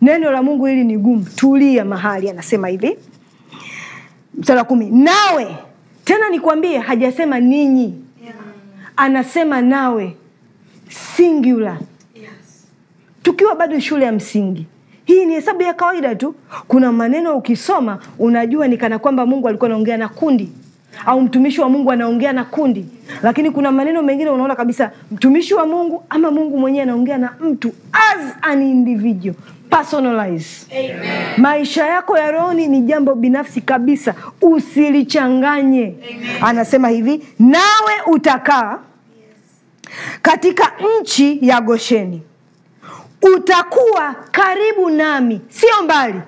Neno la Mungu hili ni gumu. Tulia mahali, anasema hivi mstari wa kumi nawe tena nikwambie hajasema ninyi yeah. anasema nawe singula yes. tukiwa bado shule ya msingi hii ni hesabu ya kawaida tu kuna maneno ukisoma unajua ni kana kwamba mungu alikuwa anaongea na kundi au mtumishi wa mungu anaongea na kundi lakini kuna maneno mengine unaona kabisa mtumishi wa mungu ama mungu mwenyewe anaongea na mtu as an individual personalize. Amen. Maisha yako ya rohoni ni jambo binafsi kabisa, usilichanganye. Anasema hivi, nawe utakaa katika nchi ya Gosheni, utakuwa karibu nami, sio mbali.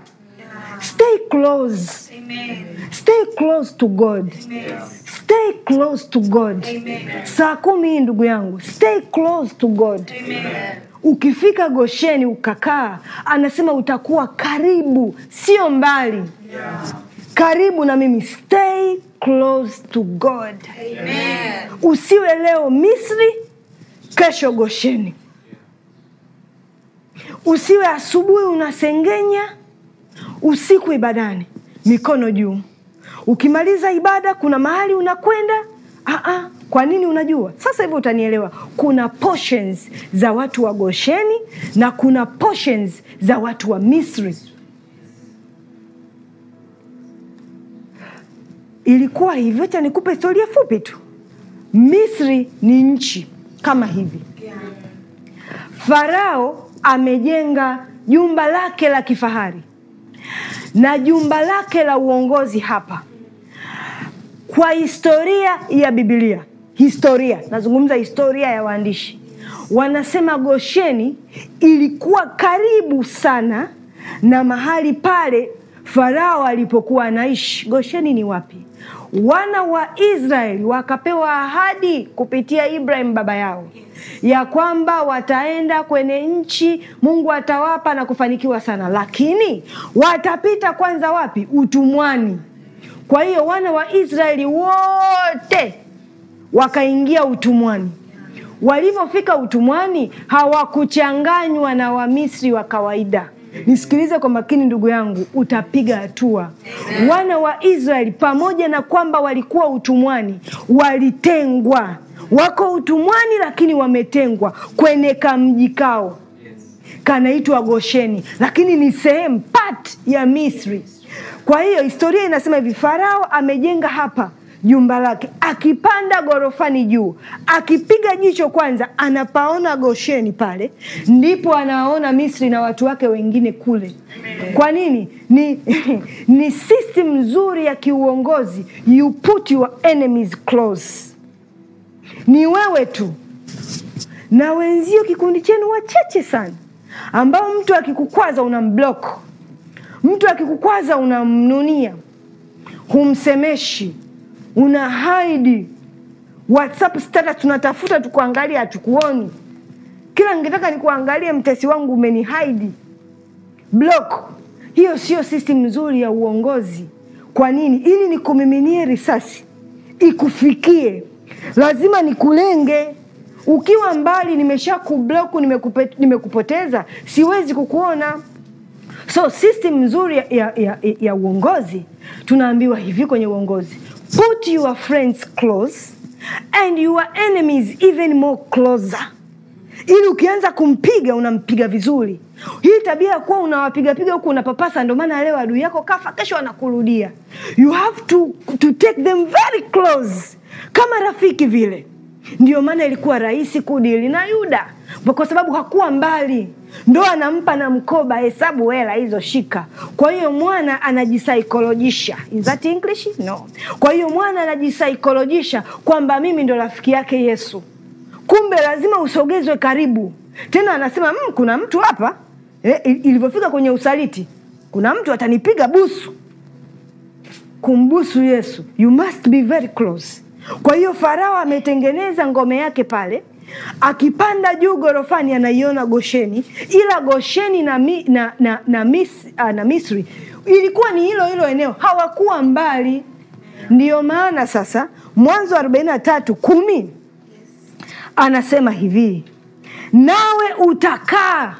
Stay close. Amen. Stay close to God. Amen. Stay close to God. Amen. Saa kumi hii ndugu yangu, stay close to God. Amen. Ukifika Gosheni ukakaa, anasema utakuwa karibu, sio mbali yeah. Karibu na mimi, stay close to God. Amen. Usiwe leo Misri, kesho Gosheni. Usiwe asubuhi unasengenya, usiku ibadani, mikono juu. Ukimaliza ibada, kuna mahali unakwenda, kwa nini? Unajua, sasa hivi utanielewa. Kuna portions za watu wa Gosheni na kuna portions za watu wa Misri. Ilikuwa hivyo. cha nikupe historia fupi tu. Misri ni nchi kama hivi. Farao amejenga jumba lake la kifahari na jumba lake la uongozi hapa. Kwa historia ya Biblia historia, nazungumza historia ya waandishi, wanasema Gosheni ilikuwa karibu sana na mahali pale Farao alipokuwa anaishi. Gosheni ni wapi? Wana wa Israeli wakapewa ahadi kupitia Ibrahim baba yao ya kwamba wataenda kwenye nchi Mungu atawapa na kufanikiwa sana, lakini watapita kwanza wapi? Utumwani. Kwa hiyo wana wa Israeli wote wakaingia utumwani. Walivyofika utumwani, hawakuchanganywa na Wamisri wa kawaida. Nisikilize kwa makini ndugu yangu, utapiga hatua. Wana wa Israeli pamoja na kwamba walikuwa utumwani, walitengwa. Wako utumwani, lakini wametengwa kwenye kamji kao kanaitwa Gosheni, lakini ni sehemu part ya Misri. Kwa hiyo historia inasema hivi, Farao amejenga hapa jumba lake, akipanda ghorofani juu, akipiga jicho kwanza anapaona Gosheni pale, ndipo anaona Misri na watu wake wengine kule. Kwa nini? Ni, ni system nzuri ya kiuongozi. You put your enemies close. Ni wewe tu na wenzio, kikundi chenu wachache sana, ambao mtu akikukwaza unamblock, mtu akikukwaza unamnunia, humsemeshi una hide WhatsApp status, tunatafuta tukuangalia, hatukuoni. Kila ningetaka nikuangalie mtesi wangu umeni hide block. Hiyo sio system nzuri ya uongozi. Kwa nini? Ili nikumiminie risasi ikufikie, lazima nikulenge. Ukiwa mbali, nimesha kublok nimekupoteza, siwezi kukuona. So system nzuri ya, ya, ya, ya uongozi, tunaambiwa hivi kwenye uongozi Put your friends close and your enemies even more closer, ili ukianza kumpiga unampiga vizuri. Hii tabia ya kuwa unawapigapiga huku unapapasa, ndio maana leo adui yako kafa, kesho anakurudia. You have to, to take them very close, kama rafiki vile. Ndio maana ilikuwa rahisi kudili na Yuda kwa sababu hakuwa mbali, ndo anampa na mkoba, hesabu hela hizo, shika. Kwa hiyo mwana anajisaikolojisha, is that English? No. Kwa hiyo mwana anajisaikolojisha kwamba mimi ndo rafiki yake Yesu, kumbe lazima usogezwe karibu. Tena anasema mmm, kuna mtu hapa e, ilivyofika kwenye usaliti, kuna mtu atanipiga busu. Kumbusu Yesu, you must be very close. Kwa hiyo Farao ametengeneza ngome yake pale akipanda juu ghorofani anaiona Gosheni, ila Gosheni na, mi, na, na, na, mis, ah, na Misri ilikuwa ni hilo hilo eneo, hawakuwa mbali. Ndiyo maana sasa Mwanzo wa 43 kumi anasema hivi, nawe utakaa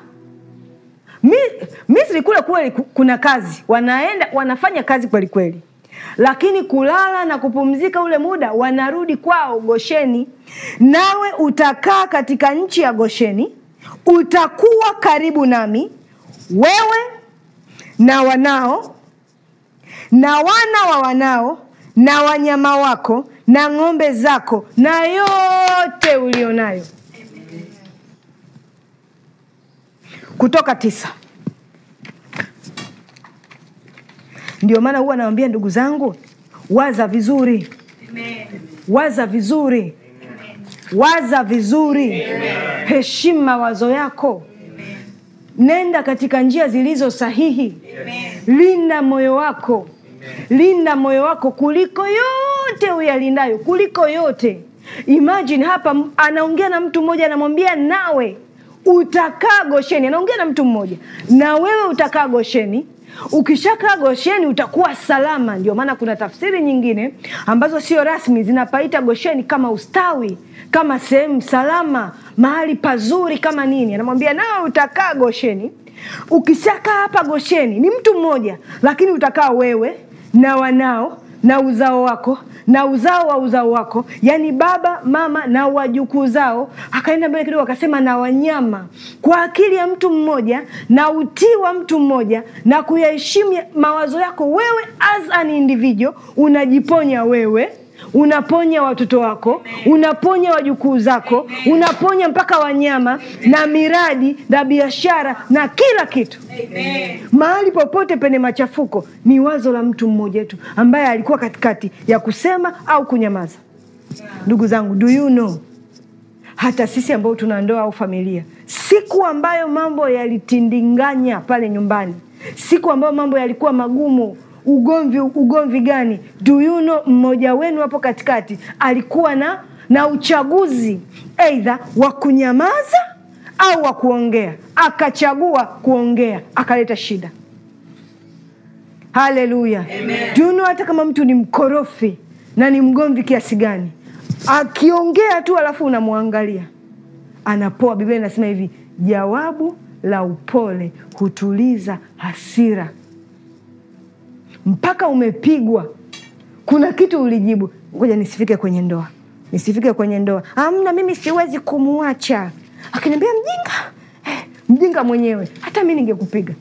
Misri. Kule kweli kuna kazi, wanaenda wanafanya kazi kwelikweli lakini kulala na kupumzika ule muda wanarudi kwao Gosheni. Nawe utakaa katika nchi ya Gosheni, utakuwa karibu nami, wewe na wanao na wana wa wanao na wanyama wako na ng'ombe zako na yote ulionayo. Kutoka tisa. Ndio maana huwa nawambia ndugu zangu, waza vizuri, waza vizuri, waza vizuri, heshima wazo yako Nenda katika njia zilizo sahihi. Amen. Linda moyo wako. Amen. Linda moyo wako kuliko yote uyalindayo, kuliko yote. Imagine hapa anaongea na mtu mmoja, anamwambia nawe utakaa Gosheni. Anaongea na mtu mmoja, na wewe utakaa Gosheni Ukishakaa Gosheni utakuwa salama. Ndio maana kuna tafsiri nyingine ambazo sio rasmi zinapaita Gosheni kama ustawi, kama sehemu salama, mahali pazuri, kama nini. Anamwambia nawe utakaa Gosheni. Ukishakaa hapa Gosheni ni mtu mmoja, lakini utakaa wewe na wanao na uzao wako na uzao wa uzao wako, yani baba mama na wajukuu zao. Akaenda mbele kidogo akasema na wanyama, kwa akili ya mtu mmoja na utii wa mtu mmoja, na kuyaheshimu mawazo yako wewe, as an individual unajiponya wewe unaponya watoto wako, unaponya wajukuu zako, unaponya mpaka wanyama na miradi na biashara na kila kitu. Mahali popote penye machafuko, ni wazo la mtu mmoja tu ambaye alikuwa katikati ya kusema au kunyamaza. Ndugu zangu, do you know, hata sisi ambao tuna ndoa au familia, siku ambayo mambo yalitindinganya pale nyumbani, siku ambayo mambo yalikuwa magumu Ugomvi ugomvi gani? Do you know, mmoja wenu hapo katikati alikuwa na na uchaguzi aidha wa kunyamaza au wa kuongea, akachagua kuongea, akaleta shida. Haleluya! Do you know, hata kama mtu ni mkorofi na ni mgomvi kiasi gani, akiongea tu alafu unamwangalia anapoa. Biblia inasema hivi, jawabu la upole hutuliza hasira mpaka umepigwa, kuna kitu ulijibu, ngoja nisifike kwenye ndoa, nisifike kwenye ndoa, amna, mimi siwezi kumwacha. Akiniambia mjinga, eh, mjinga mwenyewe. Hata mi ningekupiga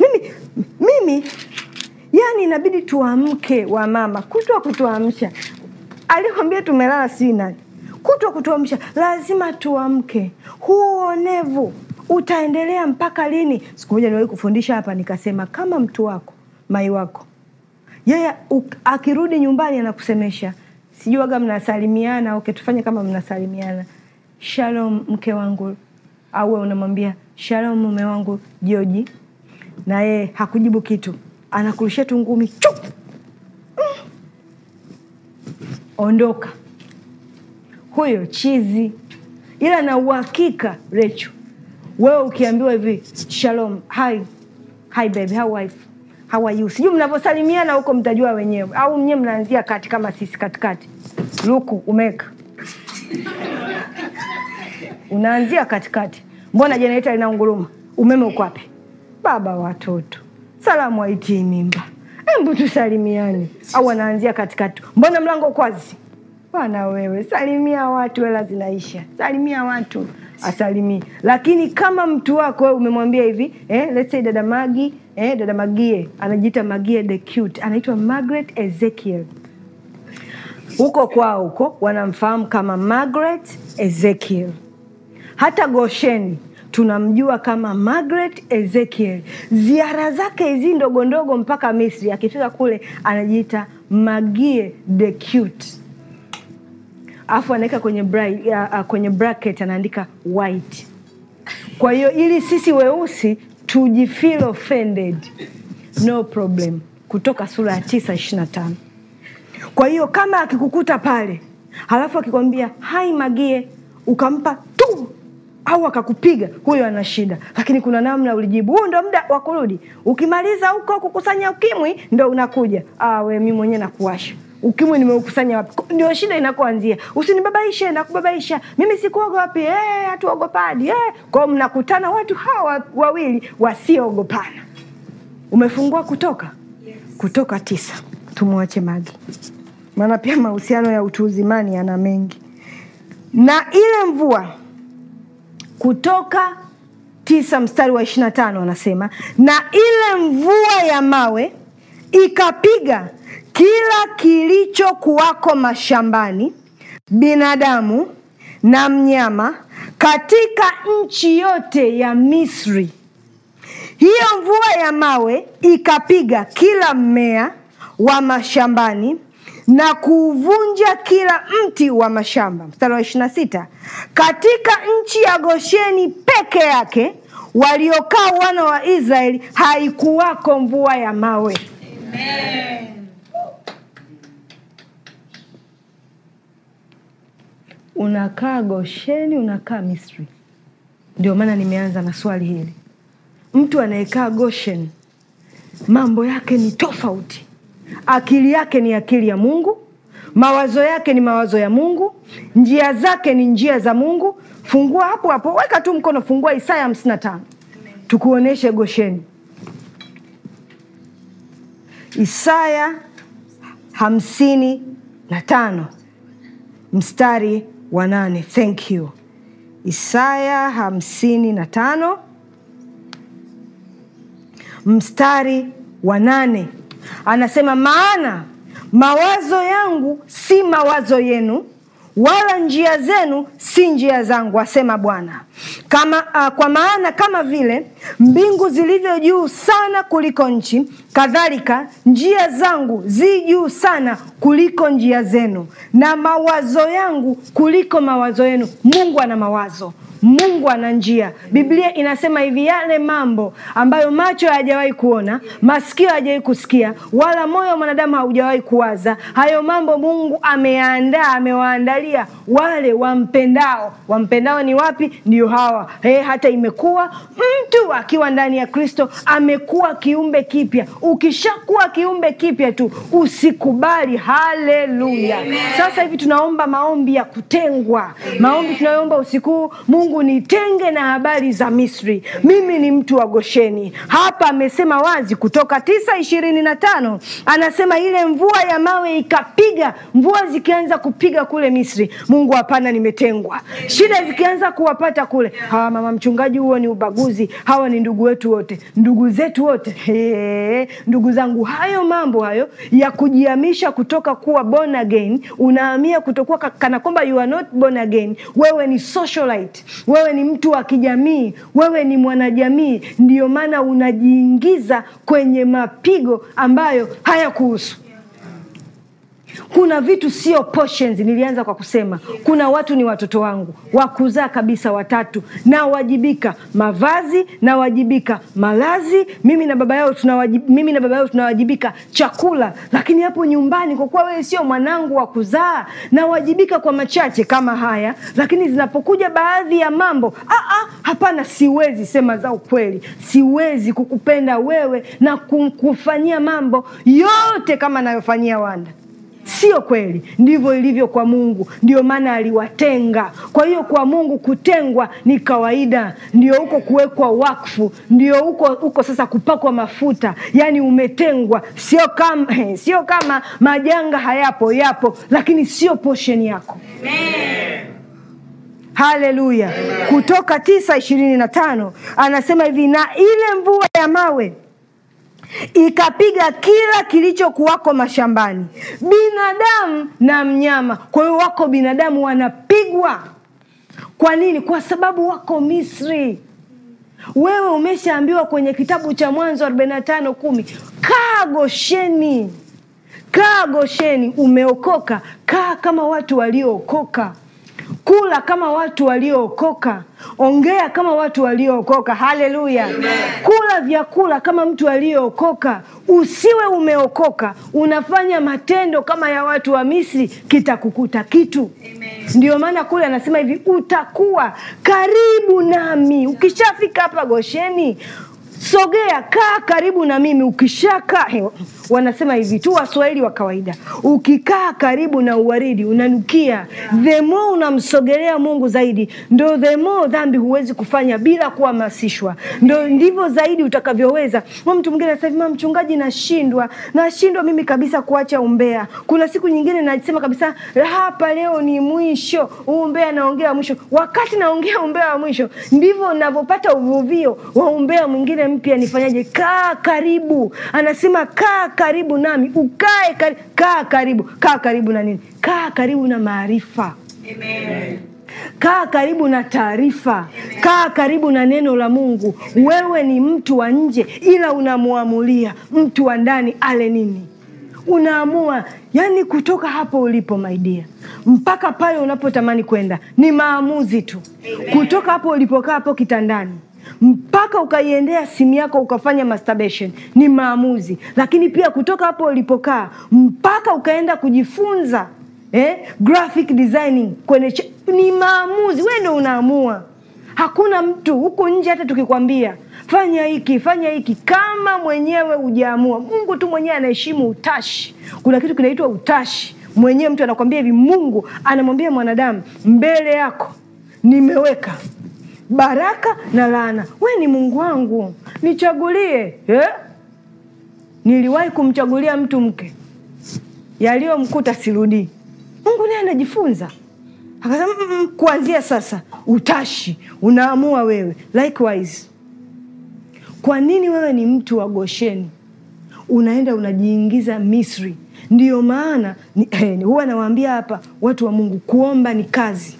mimi, mimi yani inabidi tuamke wa mama, kutwa kutuamsha. Alikwambia tumelala sina kutwa kutuamsha, lazima tuamke. Huu uonevu utaendelea mpaka lini? Siku moja kufundisha hapa, nikasema kama mtu wako mai wako yeye akirudi nyumbani anakusemesha, sijuaga mnasalimiana okay, tufanye kama mnasalimiana, shalom mke wangu, au unamwambia shalom mume wangu Joji, na yeye hakujibu kitu, anakurushia tu ngumi chup, Ondoka huyo chizi. Ila na uhakika rechu wewe ukiambiwa hivi shalom, hi hi baby, how wife how are you, sijui mnavyosalimiana huko, mtajua wenyewe, au mnyewe mnaanzia kati kama sisi katikati. Luku umeka unaanzia katikati. Mbona jenereta linaunguruma? Umeme uko wapi? Baba watoto, salamu haitii mimba, embu tusalimiane. Au anaanzia katikati, mbona mlango uko wazi? Bwana wewe, salimia watu, hela zinaisha. Salimia watu, asalimii. Lakini kama mtu wako wewe umemwambia hivi eh, let's say dada Magi eh, dada Magie anajiita Magie the Cute, anaitwa Margaret Ezekiel. Huko kwao huko wanamfahamu kama Margaret Ezekiel. Hata Gosheni tunamjua kama Margaret Ezekiel. Ziara zake hizi ndogo ndogo mpaka Misri, akifika kule anajiita Magie the Cute, alafu anaweka kwenye, bra, uh, uh, kwenye bracket anaandika white. Kwa hiyo ili sisi weusi feel offended no problem, Kutoka sura ya tisa ishirini na tano. Kwa hiyo kama akikukuta pale halafu akikwambia hai Magie, ukampa tu au akakupiga, huyo ana shida, lakini kuna namna ulijibu. Huu ndo muda wa kurudi, ukimaliza huko kukusanya ukimwi ndo unakuja. Ah, mi mwenyewe nakuwasha ukimwi nimeukusanya wapi? Ndio shida inakoanzia. Usinibabaishe, nakubabaisha mimi, sikuoga wapi? Eh, hatuogopadi hey, eh, hey. Kwao mnakutana watu hawa wawili wasiogopana. Umefungua Kutoka yes. Kutoka tisa. Tumwache Magi, maana pia mahusiano ya utuuzimani yana mengi na ile mvua. Kutoka tisa mstari wa ishiri na tano anasema na ile mvua ya mawe ikapiga kila kilichokuwako mashambani, binadamu na mnyama, katika nchi yote ya Misri. Hiyo mvua ya mawe ikapiga kila mmea wa mashambani na kuuvunja kila mti wa mashamba. Mstari wa sita. katika nchi ya Gosheni peke yake waliokaa wana wa Israeli haikuwako mvua ya mawe. Amen. unakaa Gosheni, unakaa Misri. Ndio maana nimeanza na swali hili. Mtu anayekaa Goshen mambo yake ni tofauti, akili yake ni akili ya Mungu, mawazo yake ni mawazo ya Mungu, njia zake ni njia za Mungu. Fungua hapo hapo, weka tu mkono, fungua Isaya 55 tukuoneshe Gosheni. Isaya hamsini na tano mstari nane Thank you. Isaya hamsini na tano mstari wa nane anasema, maana mawazo yangu si mawazo yenu, wala njia zenu si njia zangu, asema Bwana. Kama uh, kwa maana kama vile mbingu zilivyo juu sana kuliko nchi, kadhalika njia zangu zi juu sana kuliko njia zenu, na mawazo yangu kuliko mawazo yenu. Mungu ana mawazo Mungu ana njia. Biblia inasema hivi, yale mambo ambayo macho hayajawahi kuona, masikio hayajawahi kusikia, wala moyo wa mwanadamu haujawahi kuwaza, hayo mambo Mungu ameandaa amewaandalia wale wampendao. Wampendao ni wapi? Ndio hawa Hey, hata imekuwa mtu akiwa ndani ya Kristo amekuwa kiumbe kipya. Ukishakuwa kiumbe kipya tu usikubali. Haleluya! Sasa hivi tunaomba maombi ya kutengwa, maombi tunayoomba usiku Mungu Mungu nitenge na habari za Misri, mimi ni mtu wa Gosheni. Hapa amesema wazi Kutoka tisa ishirini na tano anasema ile mvua ya mawe ikapiga, mvua zikianza kupiga kule Misri, Mungu hapana, nimetengwa. Shida zikianza kuwapata kule, hawa mama mchungaji, huo ni ubaguzi, hawa ni ndugu wetu wote, ndugu zetu wote. ndugu zangu, hayo mambo hayo ya kujiamisha kutoka kuwa born again, unahamia kutokuwa kana kwamba you are not born again, wewe ni socialite wewe ni mtu wa kijamii, wewe ni mwanajamii. Ndiyo maana unajiingiza kwenye mapigo ambayo hayakuhusu kuna vitu sio portions. Nilianza kwa kusema kuna watu ni watoto wangu wakuzaa kabisa watatu, nawajibika mavazi, nawajibika malazi, mimi na baba yao mimi na baba yao tunawajibika chakula. Lakini hapo nyumbani, kwa kuwa wewe sio mwanangu wa kuzaa, nawajibika kwa machache kama haya. Lakini zinapokuja baadhi ya mambo, aa, hapana, siwezi sema za ukweli, siwezi kukupenda wewe na kufanyia mambo yote kama anayofanyia Wanda. Sio kweli, ndivyo ilivyo kwa Mungu. Ndio maana aliwatenga. Kwa hiyo kwa Mungu kutengwa ni kawaida, ndio huko kuwekwa wakfu, ndio huko huko sasa kupakwa mafuta. Yani umetengwa, sio kama, sio kama majanga hayapo, yapo, lakini sio posheni yako. Amen. Haleluya. Kutoka tisa ishirini na tano anasema hivi, na ile mvua ya mawe ikapiga kila kilichokuwako mashambani, binadamu na mnyama. Kwa hiyo wako binadamu wanapigwa. Kwa nini? Kwa sababu wako Misri. Wewe umeshaambiwa kwenye kitabu cha Mwanzo 45 kumi, kaa Gosheni, kaa Gosheni. Umeokoka, kaa kama watu waliookoka kula kama watu waliookoka, ongea kama watu waliookoka. Haleluya! Kula vyakula kama mtu aliyeokoka. Usiwe umeokoka unafanya matendo kama ya watu wa Misri, kitakukuta kitu. Ndio maana kule anasema hivi, utakuwa karibu nami. Ukishafika hapa Gosheni, sogea, kaa karibu na mimi. Ukishakaa wanasema hivi tu waswahili wa kawaida, ukikaa karibu na uwaridi unanukia. The more unamsogelea Mungu zaidi, ndo themo dhambi huwezi kufanya bila kuhamasishwa, ndo ndivyo zaidi utakavyoweza. Mtu mwingine anasema mama mchungaji, nashindwa nashindwa mimi kabisa kuacha umbea. Kuna siku nyingine nasema kabisa hapa leo ni mwisho umbea, naongea mwisho. Wakati naongea umbea wa mwisho, ndivyo navyopata uvuvio wa umbea mwingine mpya. Nifanyaje? Kaa karibu, anasema kaa karibu nami, ukae karibu. Kaa karibu, kaa karibu na nini? Kaa karibu na maarifa. Kaa karibu na taarifa, kaa karibu na neno la Mungu. Wewe ni mtu wa nje, ila unamwamulia mtu wa ndani ale nini. Unaamua yani, kutoka hapo ulipo maidia mpaka pale unapotamani kwenda ni maamuzi tu. Amen. Kutoka hapo ulipokaa hapo kitandani mpaka ukaiendea simu yako ukafanya masturbation ni maamuzi, lakini pia kutoka hapo ulipokaa mpaka ukaenda kujifunza eh, graphic designing kwenye ni maamuzi. Wewe ndio unaamua, hakuna mtu huku nje. Hata tukikwambia fanya hiki fanya hiki, kama mwenyewe ujaamua Mungu tu mwenyewe anaheshimu utashi. Kuna kitu kinaitwa utashi mwenyewe. Mtu anakwambia hivi, Mungu anamwambia mwanadamu, mbele yako nimeweka baraka na laana. We ni Mungu wangu, nichagulie yeah. Niliwahi kumchagulia mtu mke, yaliyomkuta sirudii. Mungu naye anajifunza, akasema mm, mm, kuanzia sasa utashi unaamua wewe. Likewise, kwa nini wewe ni mtu wa Gosheni unaenda unajiingiza Misri? Ndiyo maana eh, huwa eh, nawaambia hapa watu wa Mungu, kuomba ni kazi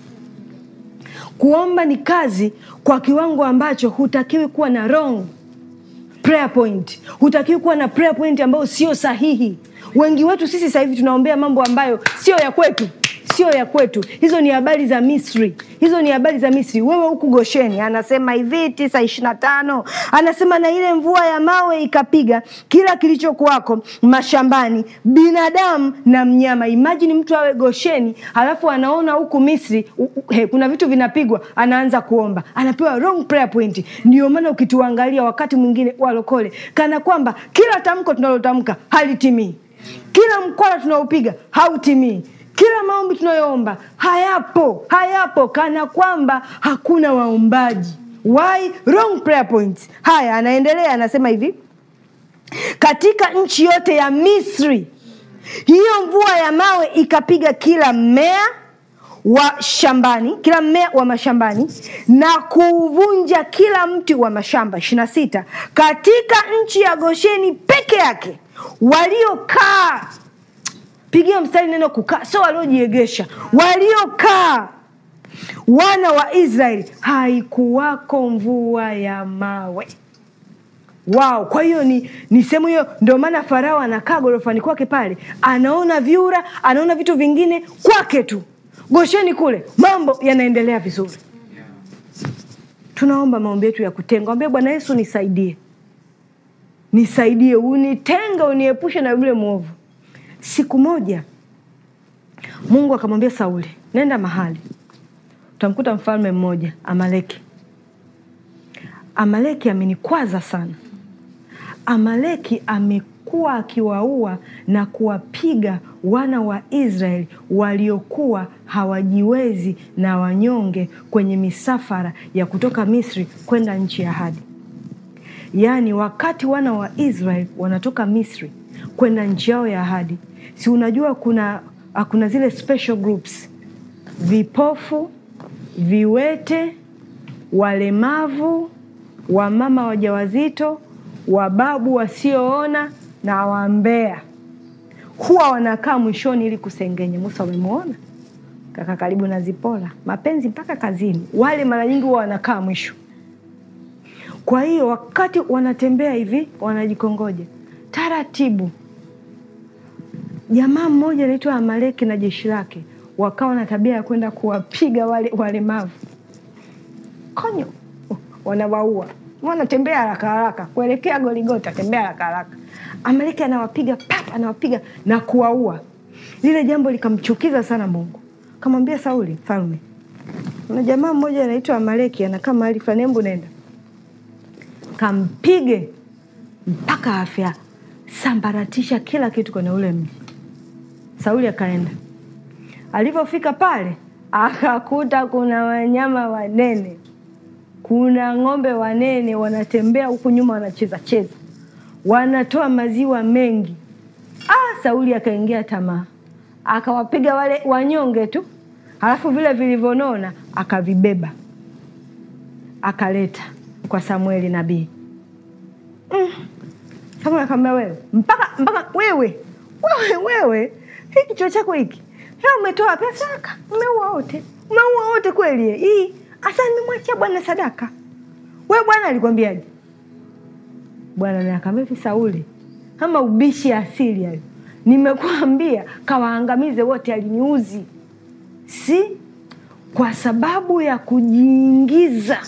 Kuomba ni kazi kwa kiwango ambacho hutakiwi kuwa na wrong prayer point, hutakiwi kuwa na prayer point ambayo sio sahihi. Wengi wetu sisi sahivi tunaombea mambo ambayo sio ya kwetu sio ya kwetu, hizo ni habari za Misri, hizo ni habari za Misri. Wewe huku Gosheni anasema hivi tisa ishirini na tano anasema na ile mvua ya mawe ikapiga kila kilichokuwako mashambani, binadamu na mnyama. Imajini mtu awe Gosheni alafu anaona huku Misri he, kuna vitu vinapigwa, anaanza kuomba, anapewa wrong prayer point. Ndio maana ukituangalia wakati mwingine walokole kana kwamba kila tamko tunalotamka halitimii, kila mkwala tunaopiga hautimii. Kila maombi tunayoomba hayapo, hayapo, kana kwamba hakuna waombaji. Why? Wrong prayer point. Haya, anaendelea anasema hivi, katika nchi yote ya Misri hiyo mvua ya mawe ikapiga kila mmea wa shambani kila mmea wa mashambani na kuuvunja kila mti wa mashamba. ishirini na sita. Katika nchi ya Gosheni peke yake waliokaa pigia mstari neno kukaa, sio waliojiegesha, waliokaa wana wa Israeli, haikuwako mvua ya mawe wao. Kwa hiyo ni, ni sehemu hiyo, ndio maana Farao anakaa gorofani kwake pale, anaona vyura, anaona vitu vingine kwake tu. Gosheni kule mambo yanaendelea vizuri. Tunaomba maombi yetu ya kutenga ambia Bwana Yesu, nisaidie, nisaidie, unitenga uniepushe na yule mwovu. Siku moja Mungu akamwambia Sauli, nenda mahali utamkuta mfalme mmoja Amaleki. Amaleki amenikwaza sana. Amaleki amekuwa akiwaua na kuwapiga wana wa Israeli waliokuwa hawajiwezi na wanyonge kwenye misafara ya kutoka Misri kwenda nchi ya ahadi. Yaani, wakati wana wa Israeli wanatoka Misri kwenda nchi yao ya ahadi. Si unajua kuna, kuna zile special groups, vipofu, viwete, walemavu, wamama wajawazito, wababu wasioona na wambea huwa wanakaa mwishoni ili kusengenya. Musa amemwona kaka karibu na Zipola, mapenzi mpaka kazini. Wale mara nyingi huwa wanakaa mwisho. Kwa hiyo wakati wanatembea hivi, wanajikongoja taratibu, jamaa mmoja anaitwa Amaleki na jeshi lake wakawa na tabia ya kwenda kuwapiga wale walemavu konyo, oh, wanawaua. wanatembea haraka haraka kuelekea Goligota, tembea haraka haraka. Amaleki anawapiga pap, anawapiga na kuwaua. Lile jambo likamchukiza sana Mungu, kamwambia Sauli mfalme, na jamaa mmoja anaitwa Amaleki anakaa mahali fulani, hebu nenda kampige mpaka afya sambaratisha kila kitu kwenye ule mji. Sauli akaenda. Alipofika pale akakuta kuna wanyama wanene, kuna ng'ombe wanene wanatembea huku nyuma, wanacheza cheza, wanatoa maziwa mengi. Ah, Sauli akaingia tamaa, akawapiga wale wanyonge tu, halafu vile vilivyonona akavibeba akaleta kwa Samueli nabii. Mm. Samueli akamwambia wewe, mpaka mpaka wewe wewe wewe hii kichwa chako hiki umetoa pesa sadaka, umeua wote, umeua wote kweli. Hii asa nimwachia bwana sadaka. We bwana alikwambiaje? Bwana na akamwambia hivi, Sauli, ama ubishi asili hayo, nimekuambia kawaangamize wote, aliniuzi si kwa sababu ya kujiingiza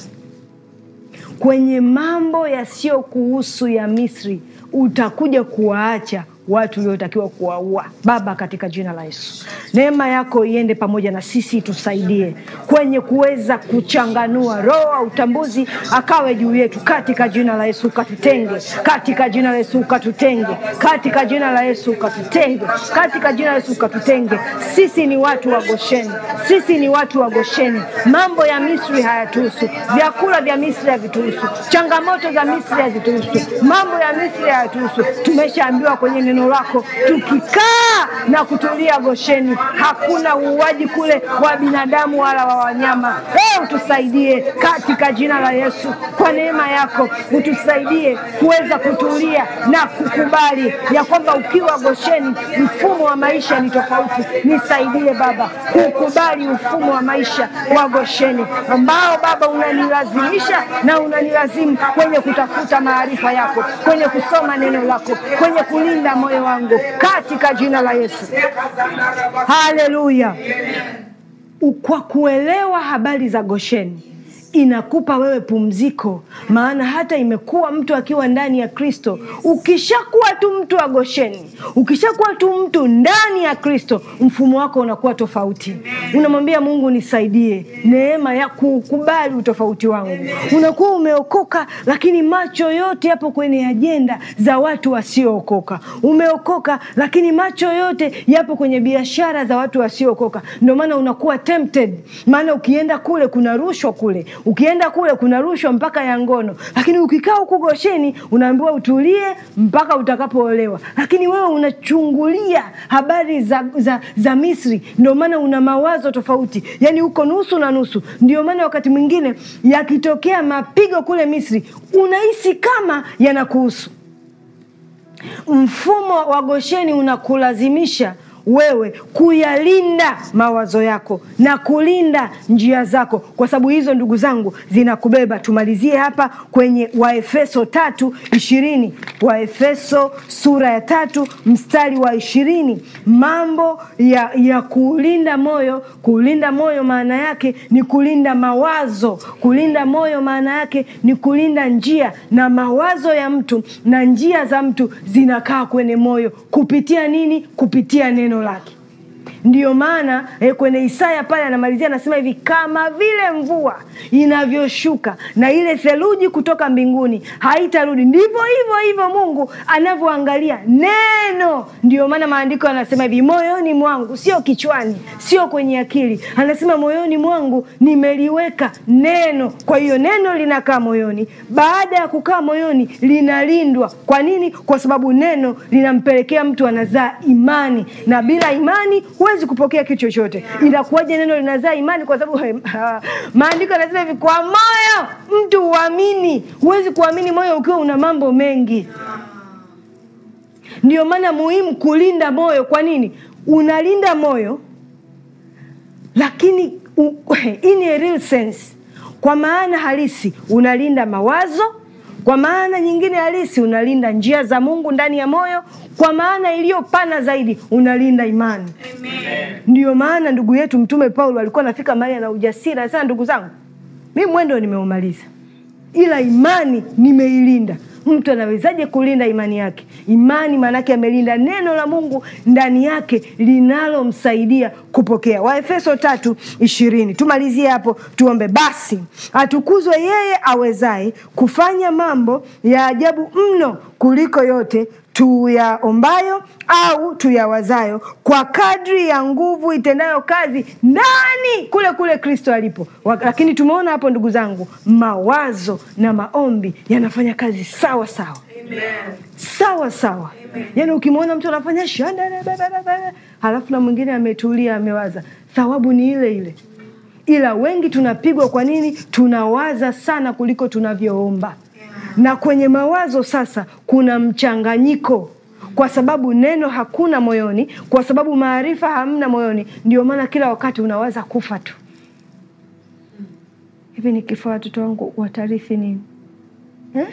kwenye mambo yasiyokuhusu ya Misri, utakuja kuwaacha watu uliotakiwa kuwaua. Baba, katika jina la Yesu, neema yako iende pamoja na sisi, tusaidie kwenye kuweza kuchanganua. Roho wa utambuzi akawe juu yetu, katika jina la Yesu ukatutenge, katika jina la Yesu ukatutenge, katika jina la Yesu ukatutenge, katika jina la Yesu ukatutenge. Sisi ni watu wa Gosheni, sisi ni watu wa Gosheni. Mambo ya Misri hayatuhusu, vyakula vya Misri havituhusu, changamoto za Misri hazituhusu, mambo ya Misri hayatuhusu. Tumeshaambiwa kwenye neno lako, tukikaa na kutulia Gosheni, hakuna uuaji kule wa binadamu wala wa wanyama. Wewe utusaidie katika jina la Yesu, kwa neema yako utusaidie kuweza kutulia na kukubali ya kwamba ukiwa Gosheni mfumo wa maisha ni tofauti. Nisaidie Baba kukubali mfumo wa maisha wa Gosheni ambao Baba unanilazimisha na unanilazimu kwenye kutafuta maarifa yako, kwenye kusoma neno lako, kwenye kulinda moyo wangu katika jina la Yesu. Haleluya! Kwa kuelewa habari za Gosheni inakupa wewe pumziko, maana hata imekuwa mtu akiwa ndani ya Kristo. Ukishakuwa tu mtu wa Gosheni, ukishakuwa tu mtu ndani ya Kristo, mfumo wako unakuwa tofauti. Unamwambia Mungu, nisaidie neema ya kukubali utofauti wangu. Unakuwa umeokoka, lakini macho yote yapo kwenye ajenda za watu wasiookoka. Umeokoka, lakini macho yote yapo kwenye biashara za watu wasiookoka. Ndio maana unakuwa tempted, maana ukienda kule kuna rushwa kule Ukienda kule kuna rushwa mpaka ya ngono, lakini ukikaa huku Gosheni unaambiwa utulie mpaka utakapoolewa, lakini wewe unachungulia habari za, za, za Misri. Ndio maana una mawazo tofauti, yani uko nusu na nusu. Ndio maana wakati mwingine yakitokea mapigo kule Misri unahisi kama yanakuhusu. Mfumo wa Gosheni unakulazimisha wewe kuyalinda mawazo yako na kulinda njia zako, kwa sababu hizo ndugu zangu zinakubeba. Tumalizie hapa kwenye Waefeso tatu ishirini, Waefeso sura ya tatu mstari wa ishirini, mambo ya, ya kulinda moyo. kulinda moyo maana yake ni kulinda mawazo. Kulinda moyo maana yake ni kulinda njia na mawazo ya mtu na njia za mtu zinakaa kwenye moyo kupitia nini? Kupitia neno no luck. Ndiyo maana eh, kwenye Isaya pale anamalizia anasema hivi, kama vile mvua inavyoshuka na ile theluji kutoka mbinguni haitarudi, ndivyo hivyo hivyo Mungu anavyoangalia neno. Ndiyo maana maandiko anasema hivi, moyoni mwangu, sio kichwani, sio kwenye akili, anasema moyoni mwangu nimeliweka neno. Kwa hiyo neno linakaa moyoni, baada ya kukaa moyoni linalindwa. Kwa nini? Kwa sababu neno linampelekea mtu anazaa imani, na bila imani we hawezi kupokea kitu chochote yeah. Inakuwaje neno linazaa imani? Kwa sababu maandiko anasema hivi, kwa moyo mtu uamini Huwezi kuamini moyo ukiwa una mambo mengi yeah. Ndio maana muhimu kulinda moyo. Kwa nini unalinda moyo? Lakini in a real sense, kwa maana halisi unalinda mawazo kwa maana nyingine halisi, unalinda njia za Mungu ndani ya moyo, kwa maana iliyopana zaidi, unalinda imani. Ndiyo maana ndugu yetu Mtume Paulo alikuwa anafika mahali ana ujasiri, anasema, ndugu zangu, mi mwendo nimeumaliza, ila imani nimeilinda mtu anawezaje kulinda imani yake? Imani maanake amelinda neno la Mungu ndani yake linalomsaidia kupokea. Waefeso tatu ishirini. Tumalizie hapo, tuombe. Basi atukuzwe yeye awezaye kufanya mambo ya ajabu mno kuliko yote tuyaombayo au tuyawazayo, kwa kadri ya nguvu itendayo kazi ndani, kule kule Kristo alipo. Lakini tumeona hapo, ndugu zangu, mawazo na maombi yanafanya kazi sawa sawa. Amen. Sawa sawa. Amen. Yani, ukimwona mtu anafanya shanda halafu na mwingine ametulia amewaza, thawabu ni ile ile, ila wengi tunapigwa. Kwa nini tunawaza sana kuliko tunavyoomba? na kwenye mawazo sasa kuna mchanganyiko kwa sababu neno hakuna moyoni, kwa sababu maarifa hamna moyoni. Ndio maana kila wakati unaweza kufa tu. Hivi nikifa watoto wangu watarithi nini eh?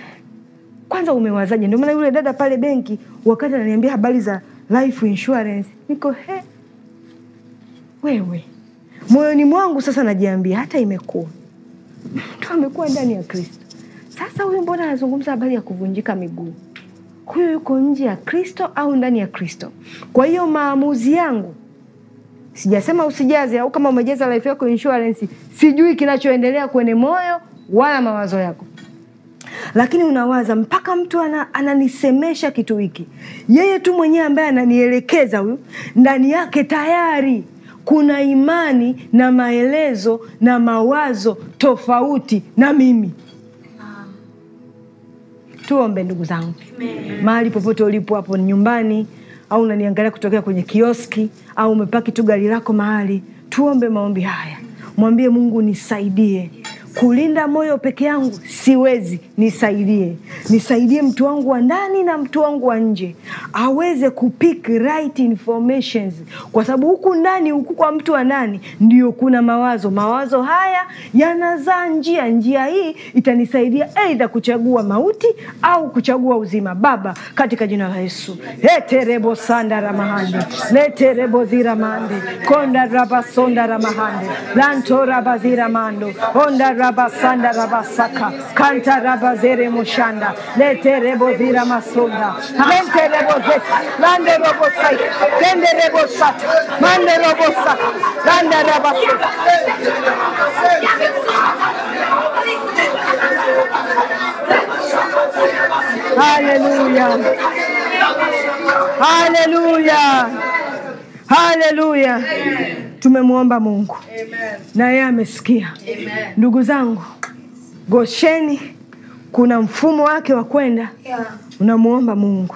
Kwanza umewazaje? Ndio maana yule dada pale benki wakati ananiambia habari za life insurance, niko he, wewe, moyoni mwangu sasa najiambia, hata imekuwa mtu amekuwa ndani ya Kristo sasa huyu mbona anazungumza habari ya kuvunjika miguu? Huyu yuko nje ya Kristo au ndani ya Kristo? Kwa hiyo maamuzi yangu, sijasema usijaze, au kama umejeza life yako insurance, sijui kinachoendelea kwenye moyo wala mawazo yako lakini unawaza mpaka mtu ana, ananisemesha kitu hiki. Yeye tu mwenyewe ambaye ananielekeza huyu, ndani yake tayari kuna imani na maelezo na mawazo tofauti na mimi. Tuombe ndugu zangu, mahali popote ulipo, hapo nyumbani au unaniangalia kutokea kwenye kioski au umepaki tu gari lako mahali, tuombe maombi haya, mwambie Mungu nisaidie kulinda moyo peke yangu siwezi, nisaidie, nisaidie mtu wangu wa ndani na mtu wangu wa nje aweze kupick right informations, kwa sababu huku ndani, huku kwa mtu wa ndani ndio kuna mawazo. Mawazo haya yanazaa njia, njia hii itanisaidia aidha kuchagua mauti au kuchagua uzima. Baba, katika jina la Yesu, eterebo sanda ramahande leterebo ziramande konda rabasonda ramahande mando onda rabasanda rabasaka kanta rabazere mushanda lete rebo zira masunda rebo zeta robo sai rebo sata mande robo sata Hallelujah. Hallelujah. Hallelujah. Amen. Tumemwomba Mungu na yeye amesikia. Ndugu zangu, Gosheni kuna mfumo wake wa kwenda yeah. Unamwomba Mungu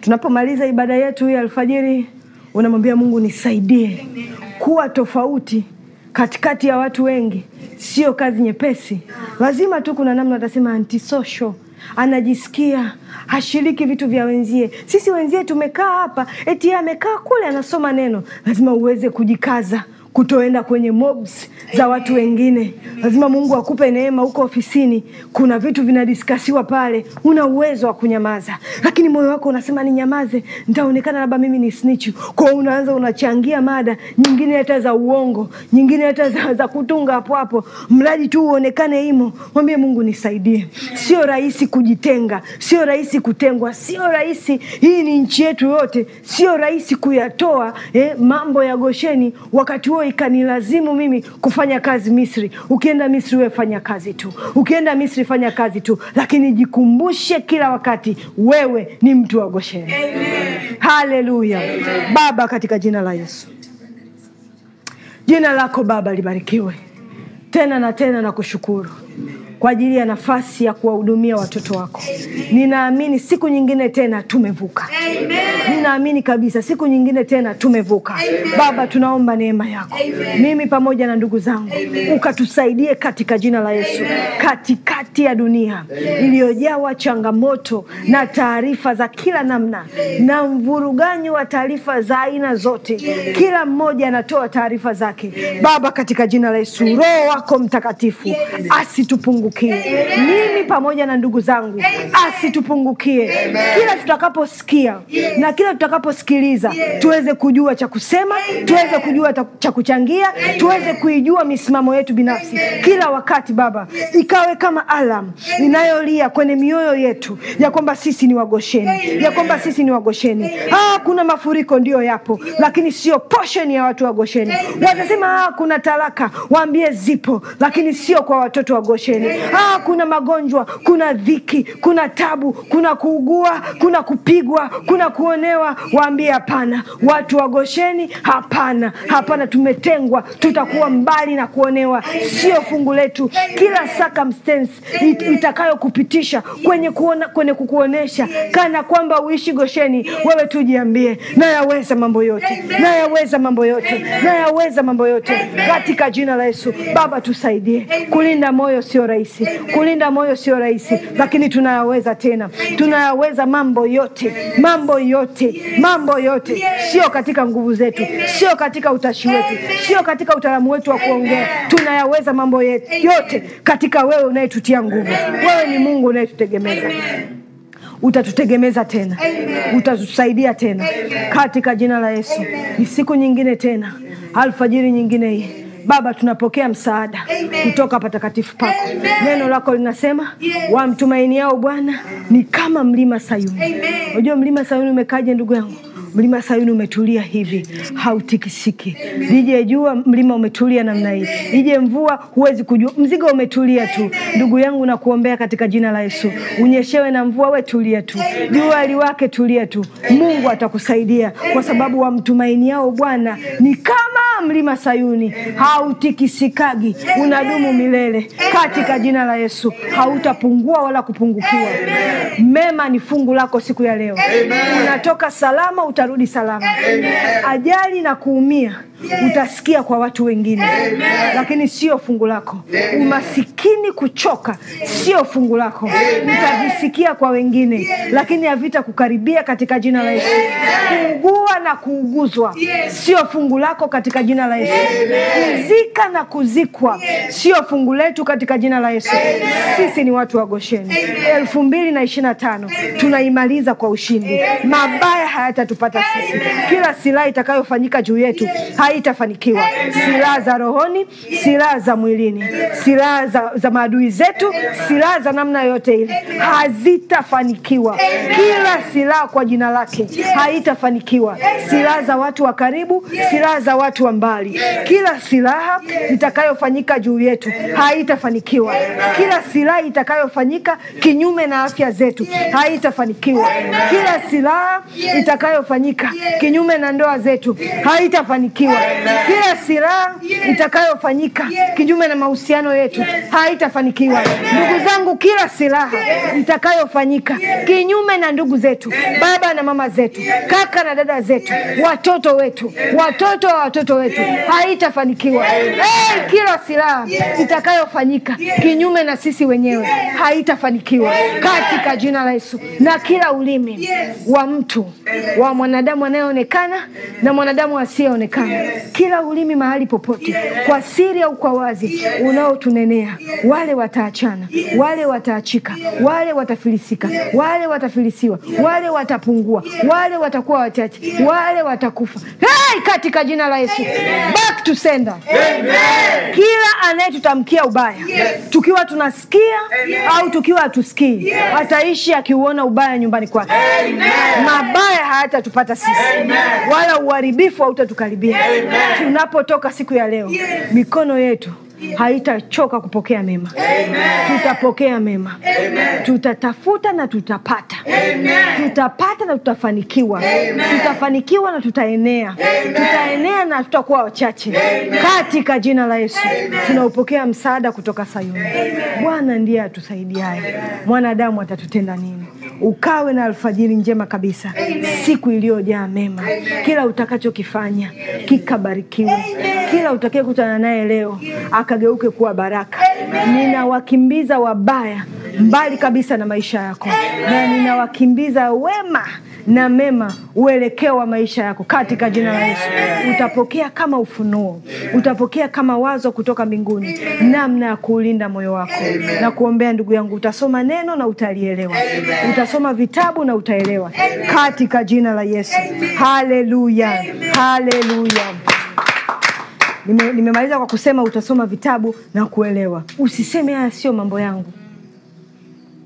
tunapomaliza ibada yetu hii alfajiri, unamwambia Mungu nisaidie kuwa tofauti katikati ya watu wengi. Sio kazi nyepesi, lazima tu kuna namna, atasema antisocial anajisikia hashiriki vitu vya wenzie. Sisi wenzie tumekaa hapa, eti amekaa kule anasoma neno. Lazima uweze kujikaza kutoenda kwenye mobs za watu wengine. Lazima Mungu akupe neema. Huko ofisini kuna vitu vinadiskasiwa pale, una uwezo wa kunyamaza, lakini moyo wako unasema ni nyamaze, nitaonekana labda mimi ni snitch. Kwa unaanza unachangia mada nyingine, hata za uongo, nyingine hata za, za kutunga hapo hapo, mradi tu uonekane imo. Mwambie Mungu nisaidie. Sio rahisi kujitenga, sio rahisi kutengwa, sio rahisi. Hii ni nchi yetu yote, sio rahisi kuyatoa eh, mambo ya Gosheni wakati ndio ikanilazimu mimi kufanya kazi Misri. Ukienda Misri we fanya kazi tu, ukienda Misri fanya kazi tu, lakini jikumbushe kila wakati wewe ni mtu wa Gosheni. Haleluya! Baba, katika jina la Yesu, jina lako Baba libarikiwe tena na tena, na kushukuru Amen kwa ajili ya nafasi ya kuwahudumia watoto wako. Ninaamini siku nyingine tena tumevuka. Ninaamini kabisa siku nyingine tena tumevuka. Baba, tunaomba neema yako, mimi pamoja na ndugu zangu, ukatusaidie katika jina la Yesu, katikati ya dunia iliyojawa changamoto na taarifa za kila namna na mvuruganyi wa taarifa za aina zote, kila mmoja anatoa taarifa zake. Baba, katika jina la Yesu, Roho wako Mtakatifu asitupungu asitupungukie, mimi pamoja na ndugu zangu, asitupungukie. Kila tutakaposikia na kila tutakaposikiliza, tuweze kujua cha kusema, tuweze kujua cha kuchangia, tuweze kuijua misimamo yetu binafsi kila wakati. Baba, ikawe kama alam inayolia kwenye mioyo yetu ya kwamba sisi ni Wagosheni, ya kwamba sisi ni Wagosheni. Ah, kuna mafuriko ndiyo yapo, lakini sio posheni ya watu wagosheni Gosheni. Watasema ah, kuna talaka, waambie zipo, lakini sio kwa watoto wagosheni ah, kuna magonjwa, kuna dhiki, kuna tabu, kuna kuugua, kuna kupigwa, kuna kuonewa. Waambie hapana. Watu wagosheni hapana, hapana, tumetengwa, tutakuwa mbali na kuonewa, sio fungu letu. Kila itakayokupitisha kwenye, kwenye kukuonesha kana kwamba uishi Gosheni, wewe tujiambie, nayaweza mambo yote, nayaweza mambo yote, nayaweza mambo yote, katika jina la Yesu. Baba, tusaidie kulinda moyo, sio rahisi rahisi, kulinda moyo sio rahisi, lakini tunayaweza tena, tunayaweza mambo yote, mambo yote, mambo yote, sio katika nguvu zetu, sio katika utashi wetu, sio katika utaalamu wetu wa kuongea. Tunayaweza mambo yote katika wewe unayetutia nguvu. Wewe ni Mungu unayetutegemeza utatutegemeza tena, utatusaidia tena katika jina la Yesu. Ni siku nyingine tena, alfajiri nyingine hii Baba, tunapokea msaada Amen. kutoka patakatifu pako. Neno lako linasema yes. yao Bwana ni kama mlima Sayuni. Unajua mlima Sayuni umekaje ndugu yangu? Mlima Sayuni umetulia hivi, hautikisiki. Lije jua, mlima umetulia namna hii. Ije mvua, huwezi kujua, mzigo umetulia tu. Ndugu yangu, nakuombea katika jina la Yesu, unyeshewe na mvua, we tulia tu, jua liwake, tulia tu. Mungu atakusaidia kwa sababu wamtumainiao Bwana ni kama mlima Sayuni, hautikisikagi, unadumu milele, katika jina la Yesu. Hautapungua wala kupungukiwa. Mema ni fungu lako siku ya leo, unatoka salama uta utarudi salama. Amen. Ajali na kuumia utasikia kwa watu wengine Amen. Lakini sio fungu lako Umasikini, kuchoka sio fungu lako Utavisikia kwa wengine yes. Lakini kukaribia katika jina la Yesu. Kuugua na kuuguzwa yes. sio fungu lako katika jina la Yesu. Kuzika na kuzikwa yes. sio fungu letu katika jina la Yesu. Sisi ni watu wa Gosheni. elfu mbili na ishirini na tano tunaimaliza kwa ushindi. Mabaya hayatatupata sisi. Kila silaha itakayofanyika juu yetu yes haitafanikiwa. Silaha za rohoni, silaha za mwilini, silaha za, za maadui zetu, silaha za namna yoyote ile hazitafanikiwa. Kila silaha kwa jina lake haitafanikiwa, silaha za watu wa karibu, silaha za watu wa mbali, kila silaha itakayofanyika juu yetu haitafanikiwa, kila silaha itakayofanyika kinyume na afya zetu haitafanikiwa, kila silaha itakayofanyika kinyume na ndoa zetu haitafanikiwa, kila silaha itakayofanyika kinyume na mahusiano yetu haitafanikiwa. Ndugu zangu, kila silaha itakayofanyika kinyume na ndugu zetu, baba na mama zetu, kaka na dada zetu, watoto wetu, watoto wa watoto wetu, haitafanikiwa. Hey, kila silaha itakayofanyika kinyume na sisi wenyewe haitafanikiwa katika jina la Yesu. Na kila ulimi wa mtu wa mwanadamu anayeonekana na mwanadamu asiyeonekana kila ulimi mahali popote yes. Kwa siri au kwa wazi yes. Unaotunenea yes. Wale wataachana yes. Wale wataachika yes. Wale watafilisika yes. Wale watafilisiwa yes. Wale watapungua yes. Wale watakuwa wachache yes. Wale watakufa hey, katika jina la Yesu Amen. Back to sender Amen. Kila anayetutamkia ubaya yes. Tukiwa tunasikia Amen. Au tukiwa hatusikii yes. Ataishi akiuona ubaya nyumbani kwake. Mabaya hayatatupata sisi Amen. Wala uharibifu hautatukaribia tunapotoka siku ya leo yes. mikono yetu haitachoka kupokea mema. Amen. Tutapokea mema. Amen. Tutatafuta na tutapata. Amen. Tutapata na tutafanikiwa. Amen. Tutafanikiwa na tutaenea. Amen. Tutaenea na tutakuwa wachache katika jina la Yesu. Amen. Tunaupokea msaada kutoka Sayuni. Bwana ndiye atusaidiaye. Mwanadamu atatutenda nini? Ukawe na alfajiri njema kabisa. Amen. Siku iliyojaa mema. Amen. Kila utakachokifanya kikabarikiwe. Kila utakaekutana naye leo Amen akageuke kuwa baraka. Ninawakimbiza wabaya mbali kabisa na maisha yako, na ninawakimbiza wema na mema uelekeo wa maisha yako katika jina la Yesu. Utapokea kama ufunuo, utapokea kama wazo kutoka mbinguni, namna ya kuulinda moyo wako Amen. na kuombea ndugu yangu, utasoma neno na utalielewa Amen. utasoma vitabu na utaelewa katika jina la Yesu. Haleluya, haleluya nimemaliza kwa kusema utasoma vitabu na kuelewa. Usiseme haya sio mambo yangu,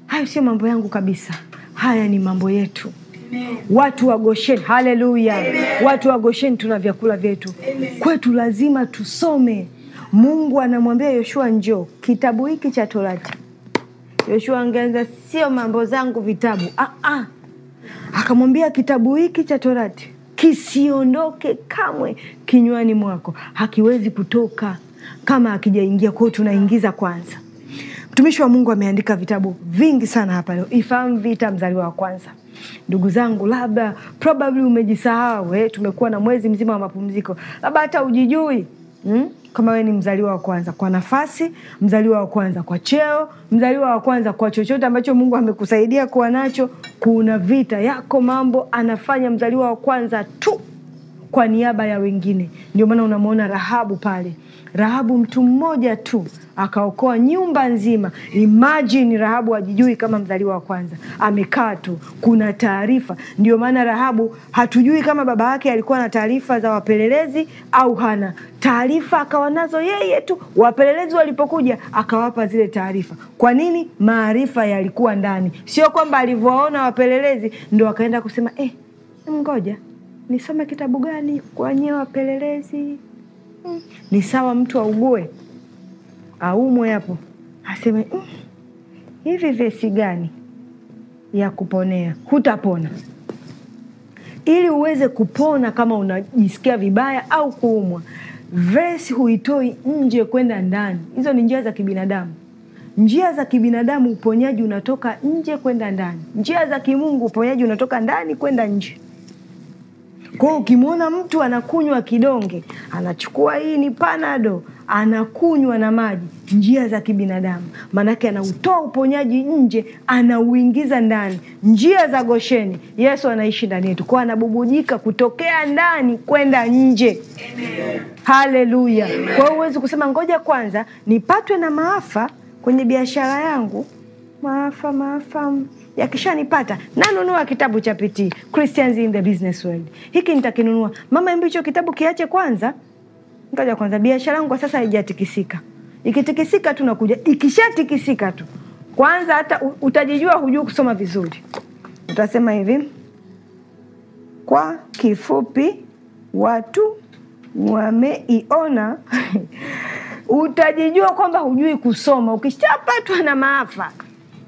hayo sio mambo yangu kabisa, haya ni mambo yetu. Amen. Watu wa Goshen, haleluya! Watu wa Goshen tuna vyakula vyetu. Kwetu lazima tusome. Mungu anamwambia Yoshua, njoo kitabu hiki cha Torati. Yoshua angeanza sio mambo zangu vitabu, ah, ah. Akamwambia kitabu hiki cha Torati kisiondoke kamwe kinywani mwako, hakiwezi kutoka kama akijaingia Kwao tunaingiza kwanza. Mtumishi wa Mungu ameandika vitabu vingi sana hapa leo. Ifahamu Vita, mzaliwa wa kwanza. Ndugu zangu, labda probably umejisahau eh, tumekuwa na mwezi mzima wa mapumziko, labda hata ujijui hmm? kama wewe ni mzaliwa wa kwanza kwa nafasi, mzaliwa wa kwanza kwa cheo, mzaliwa wa kwanza kwa chochote ambacho Mungu amekusaidia kuwa nacho, kuna vita yako, mambo anafanya mzaliwa wa kwanza tu kwa niaba ya wengine. Ndio maana unamwona Rahabu pale. Rahabu mtu mmoja tu akaokoa nyumba nzima. Imajini Rahabu hajijui kama mzaliwa wa kwanza, amekaa tu, kuna taarifa. Ndio maana Rahabu hatujui kama baba yake alikuwa na taarifa za wapelelezi au hana taarifa. Akawa nazo yeye tu, wapelelezi walipokuja akawapa zile taarifa. Kwa nini? Maarifa yalikuwa ndani, sio kwamba alivyowaona wapelelezi ndo akaenda kusema eh, ngoja nisome kitabu gani kwenye wapelelezi? Mm. Ni sawa mtu augue aumwe hapo aseme mm, hivi vesi gani ya kuponea? Hutapona. Ili uweze kupona kama unajisikia vibaya au kuumwa, vesi huitoi nje kwenda ndani. Hizo ni njia za kibinadamu. Njia za kibinadamu uponyaji unatoka nje kwenda ndani, njia za kimungu uponyaji unatoka ndani kwenda nje. Kwa ukimwona mtu anakunywa kidonge, anachukua hii ni panado, anakunywa na maji, njia za kibinadamu, maanake anautoa uponyaji nje, anauingiza ndani, njia za Gosheni. Yesu anaishi ndani yetu, kwa anabubujika kutokea ndani kwenda nje. Haleluya! Kwa hiyo huwezi kusema ngoja kwanza nipatwe na maafa kwenye biashara yangu, maafa maafa yakishanipata nanunua kitabu cha PT Christians in the Business World, hiki nitakinunua. Mama, hebu hicho kitabu kiache kwanza, ngoja kwanza, biashara yangu kwa sasa haijatikisika. Ikitikisika tu nakuja, ikishatikisika tu kwanza, hata utajijua hujui kusoma vizuri, utasema hivi kwa kifupi, watu wameiona utajijua kwamba hujui kusoma. Ukishapatwa na maafa,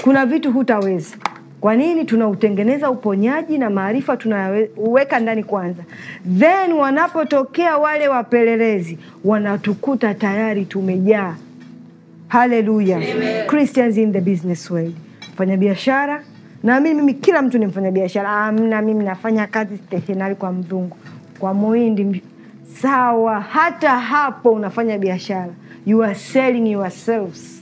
kuna vitu hutaweza. Kwa nini tunautengeneza uponyaji na maarifa tunayaweka ndani kwanza, then wanapotokea wale wapelelezi wanatukuta tayari tumejaa. Haleluya, Christians in the business world, mfanyabiashara naamini mimi kila mtu ni mfanyabiashara. Amna, ah, mimi nafanya kazi stationari kwa mzungu, kwa muhindi, sawa. Hata hapo unafanya biashara, you are selling yourselves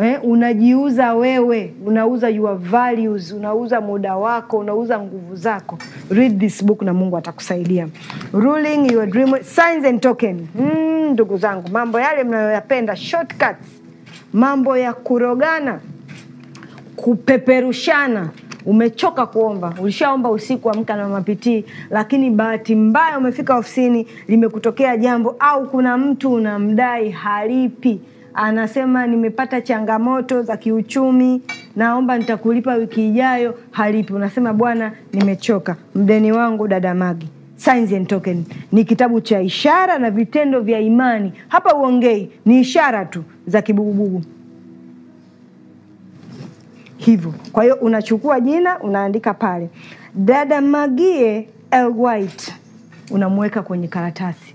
eh, unajiuza wewe, unauza your values, unauza muda wako, unauza nguvu zako. Read this book na Mungu atakusaidia. Ruling your dream, signs and token. Mm, ndugu zangu, mambo yale mnayoyapenda shortcuts, mambo ya kurogana, kupeperushana umechoka kuomba, ulishaomba usiku, amka na mapitii, lakini bahati mbaya umefika ofisini, limekutokea jambo, au kuna mtu unamdai halipi, anasema nimepata changamoto za kiuchumi, naomba nitakulipa wiki ijayo, halipi. Unasema bwana, nimechoka mdeni wangu dada Magi. Signs and Token ni kitabu cha ishara na vitendo vya imani. Hapa uongei, ni ishara tu za kibugubugu hivyo. Kwa hiyo unachukua jina unaandika pale, dada Magie L. White, unamweka kwenye karatasi.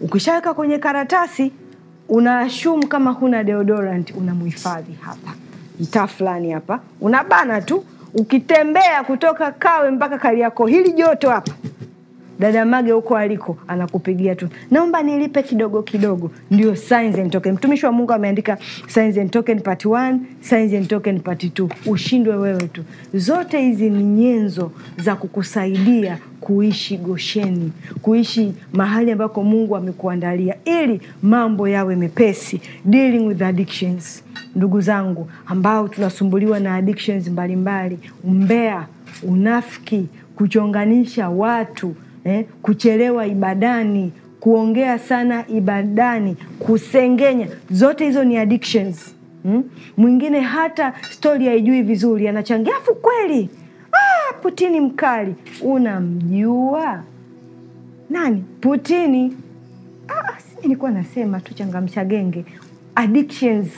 Ukishaweka kwenye karatasi unaashumu kama huna deodorant unamuhifadhi hapa mtaa fulani hapa, unabana tu ukitembea kutoka Kawe mpaka yako hili joto hapa dada Mage huko aliko anakupigia tu, naomba nilipe kidogo kidogo. Ndio signs and token. Mtumishi wa Mungu ameandika signs and token part 1, signs and token part 2. Ushindwe wewe tu. Zote hizi ni nyenzo za kukusaidia kuishi Gosheni, kuishi mahali ambako Mungu amekuandalia ili mambo yawe mepesi. Dealing with addictions, ndugu zangu ambao tunasumbuliwa na addictions mbalimbali, umbea, unafiki, kuchonganisha watu eh, kuchelewa ibadani, kuongea sana ibadani, kusengenya, zote hizo ni addictions. Hmm? Mwingine hata stori haijui vizuri, anachangia afu kweli Putini mkali, unamjua nani Putini? Ah, nilikuwa nasema tu changamsha genge, addictions,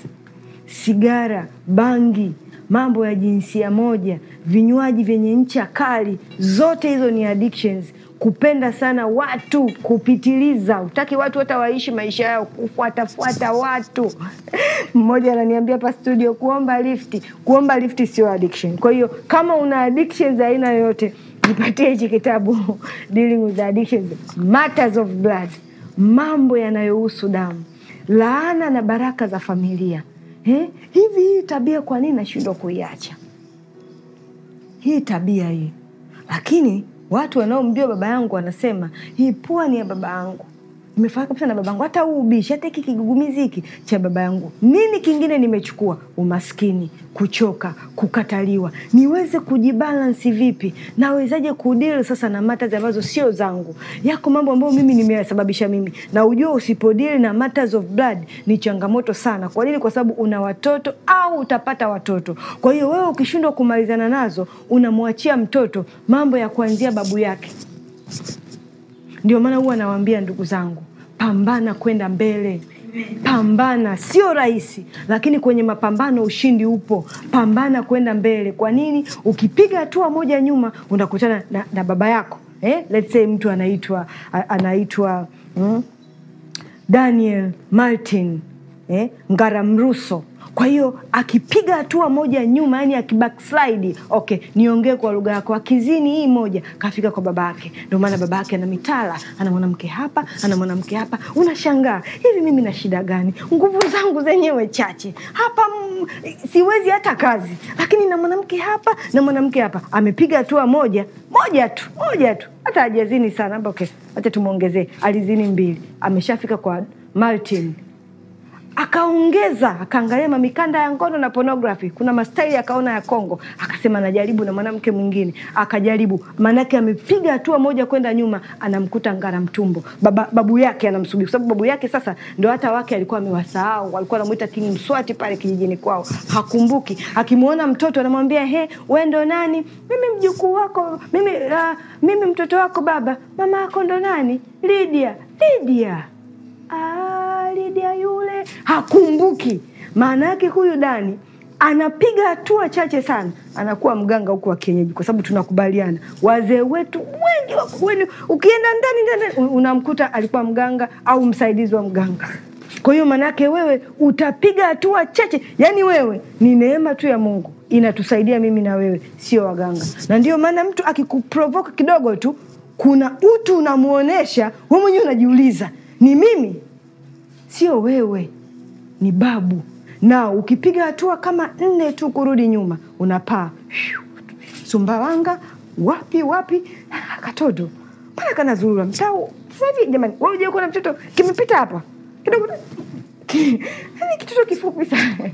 sigara, bangi, mambo ya jinsia moja, vinywaji vyenye ncha kali, zote hizo ni addictions kupenda sana watu, kupitiliza, utaki watu hata waishi maisha yao, kufuatafuata watu mmoja ananiambia hapa studio, kuomba lifti. Kuomba lifti sio addiction. Kwa hiyo kama una addiction za aina yoyote, jipatie hichi kitabu Dealing with Addictions, Matters of Blood, mambo yanayohusu damu, laana na baraka za familia. He? Eh? Hivi hii tabia, kwa nini nashindwa kuiacha hii tabia hii? Lakini Watu wanaomjua baba yangu wanasema hii pua ni ya baba yangu umefanya kabisa na babangu, hata huu ubishi, hata hiki kigugumizi hiki cha baba yangu. Nini kingine nimechukua? Umaskini, kuchoka, kukataliwa. Niweze kujibalansi vipi? Nawezaje kudili sasa na matazi ambazo sio zangu? Yako mambo ambayo mimi nimeyasababisha mimi, na ujua usipodili na matters of blood ni changamoto sana. Kwa nini? Kwa sababu una watoto au utapata watoto. Kwa hiyo wewe ukishindwa kumalizana nazo, unamwachia mtoto mambo ya kuanzia babu yake. Ndio maana huwa nawaambia ndugu zangu, pambana kwenda mbele Pambana, sio rahisi, lakini kwenye mapambano ushindi upo. Pambana kwenda mbele. Kwa nini? Ukipiga hatua moja nyuma unakutana na, na baba yako eh? Let's say mtu anaitwa anaitwa mm, Daniel Martin eh? Ngaramruso kwa hiyo akipiga hatua moja nyuma, yani akibackslide, okay, niongee kwa lugha yako, akizini hii moja, kafika kwa baba yake. Ndio maana baba yake ana mitala, ana mwanamke hapa, ana mwanamke hapa. Unashangaa hivi, mimi na shida gani? Nguvu zangu zenyewe chache hapa, m, siwezi hata kazi, lakini na mwanamke hapa na mwanamke hapa, amepiga hatua moja moja tu moja tu, hata hajazini sana. Okay, tumwongezee, alizini mbili, ameshafika kwa Martin akaongeza akaangalia mamikanda ya ngono na pornography, kuna mastaili akaona ya Kongo, akasema anajaribu na mwanamke mwingine, akajaribu. Maanake amepiga hatua moja kwenda nyuma, anamkuta mtumbo Baba, babu yake anamsubiri, kwa sababu babu yake sasa ndo hata wake alikuwa amewasahau, alikuwa anamuita King Mswati pale kijijini kwao, hakumbuki. Akimwona mtoto anamwambia he, we ndo nani? Mimi mjukuu wako, mimi, uh, mimi mtoto wako baba. Mama yako ndo nani? Lydia, Lydia ah, Lidia yule hakumbuki. Maana yake huyu Dani anapiga hatua chache sana, anakuwa mganga huku wa kienyeji, kwa sababu tunakubaliana wazee wetu wengi wakweni, ukienda ndani ndani unamkuta alikuwa mganga au msaidizi wa mganga. Kwa hiyo maanake wewe utapiga hatua chache, yaani wewe ni neema tu ya Mungu inatusaidia mimi na wewe, sio waganga. Na ndio maana mtu akikuprovoka kidogo tu, kuna utu unamwonyesha, we mwenyewe unajiuliza ni mimi, sio wewe, ni babu. Na ukipiga hatua kama nne tu kurudi nyuma, unapaa Sumbawanga, wapi wapi, Katodo mbona kanazurura mtau. Sasa hivi jamani, wewe unajua mtoto kimepita hapa kidogo, yaani kitoto kifupi sana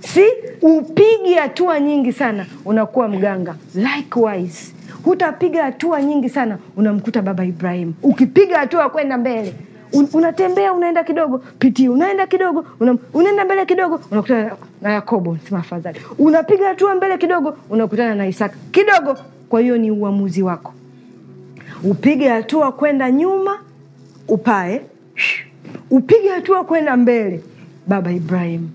si upigi hatua nyingi sana unakuwa mganga. Likewise hutapiga hatua nyingi sana, unamkuta Baba ibrahim Ukipiga hatua kwenda mbele Un, unatembea unaenda kidogo pitii, unaenda kidogo una, unaenda mbele kidogo unakutana na Yakobo, sema afadhali. Unapiga hatua mbele kidogo unakutana na Isaka kidogo. Kwa hiyo ni uamuzi wako, upige hatua kwenda nyuma upae, upige hatua kwenda mbele. Baba Ibrahimu,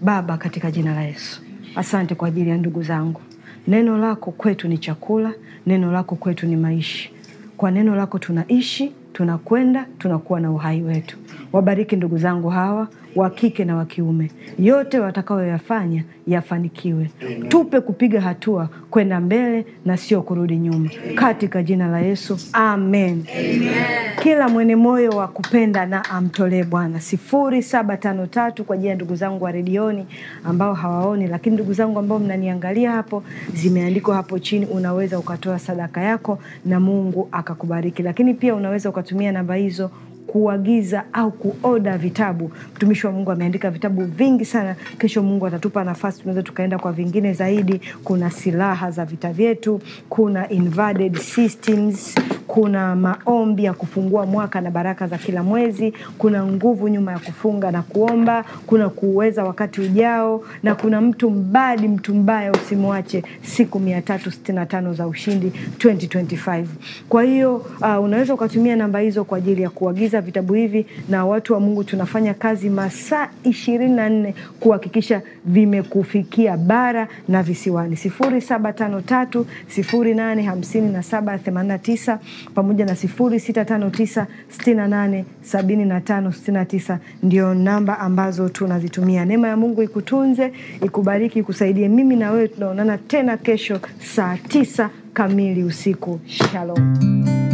Baba, katika jina la Yesu, asante kwa ajili ya ndugu zangu. Neno lako kwetu ni chakula, neno lako kwetu ni maisha. Kwa neno lako tunaishi, tunakwenda, tunakuwa na uhai wetu. Wabariki ndugu zangu hawa wa kike na wa kiume, yote watakayoyafanya yafanikiwe. Tupe kupiga hatua kwenda mbele na sio kurudi nyuma, katika jina la Yesu amen. Amen. Kila mwenye moyo wa kupenda na amtolee Bwana. sifuri saba tano tatu kwa ajili ya ndugu zangu wa redioni ambao hawaoni, lakini ndugu zangu ambao mnaniangalia hapo, zimeandikwa hapo chini, unaweza ukatoa sadaka yako na Mungu akakubariki, lakini pia unaweza ukatumia namba hizo kuagiza au kuoda vitabu. Mtumishi wa Mungu ameandika vitabu vingi sana. Kesho Mungu atatupa nafasi, tunaweza tukaenda kwa vingine zaidi. Kuna silaha za vita vyetu, kuna systems, kuna maombi ya kufungua mwaka na baraka za kila mwezi, kuna nguvu nyuma ya kufunga na kuomba, kuna kuweza wakati ujao, na kuna mtu mbadi, mtu mbaya usimwache, siku mia tatu na tano za ushindi 2025. Kwa hiyo uh, unaweza ukatumia namba hizo kwa ajili ya kuagiza vitabu hivi na watu wa Mungu tunafanya kazi masaa ishirini na nne kuhakikisha vimekufikia bara na visiwani. sifuri saba tano tatu sifuri nane hamsini na saba na tisa pamoja na sifuri sita tano tisa sitini na nane sabini na tano sitini na tisa ndio namba ambazo tunazitumia. Neema ya Mungu ikutunze, ikubariki, ikusaidie. Mimi na wewe tunaonana tena kesho saa tisa kamili usiku. Shalom.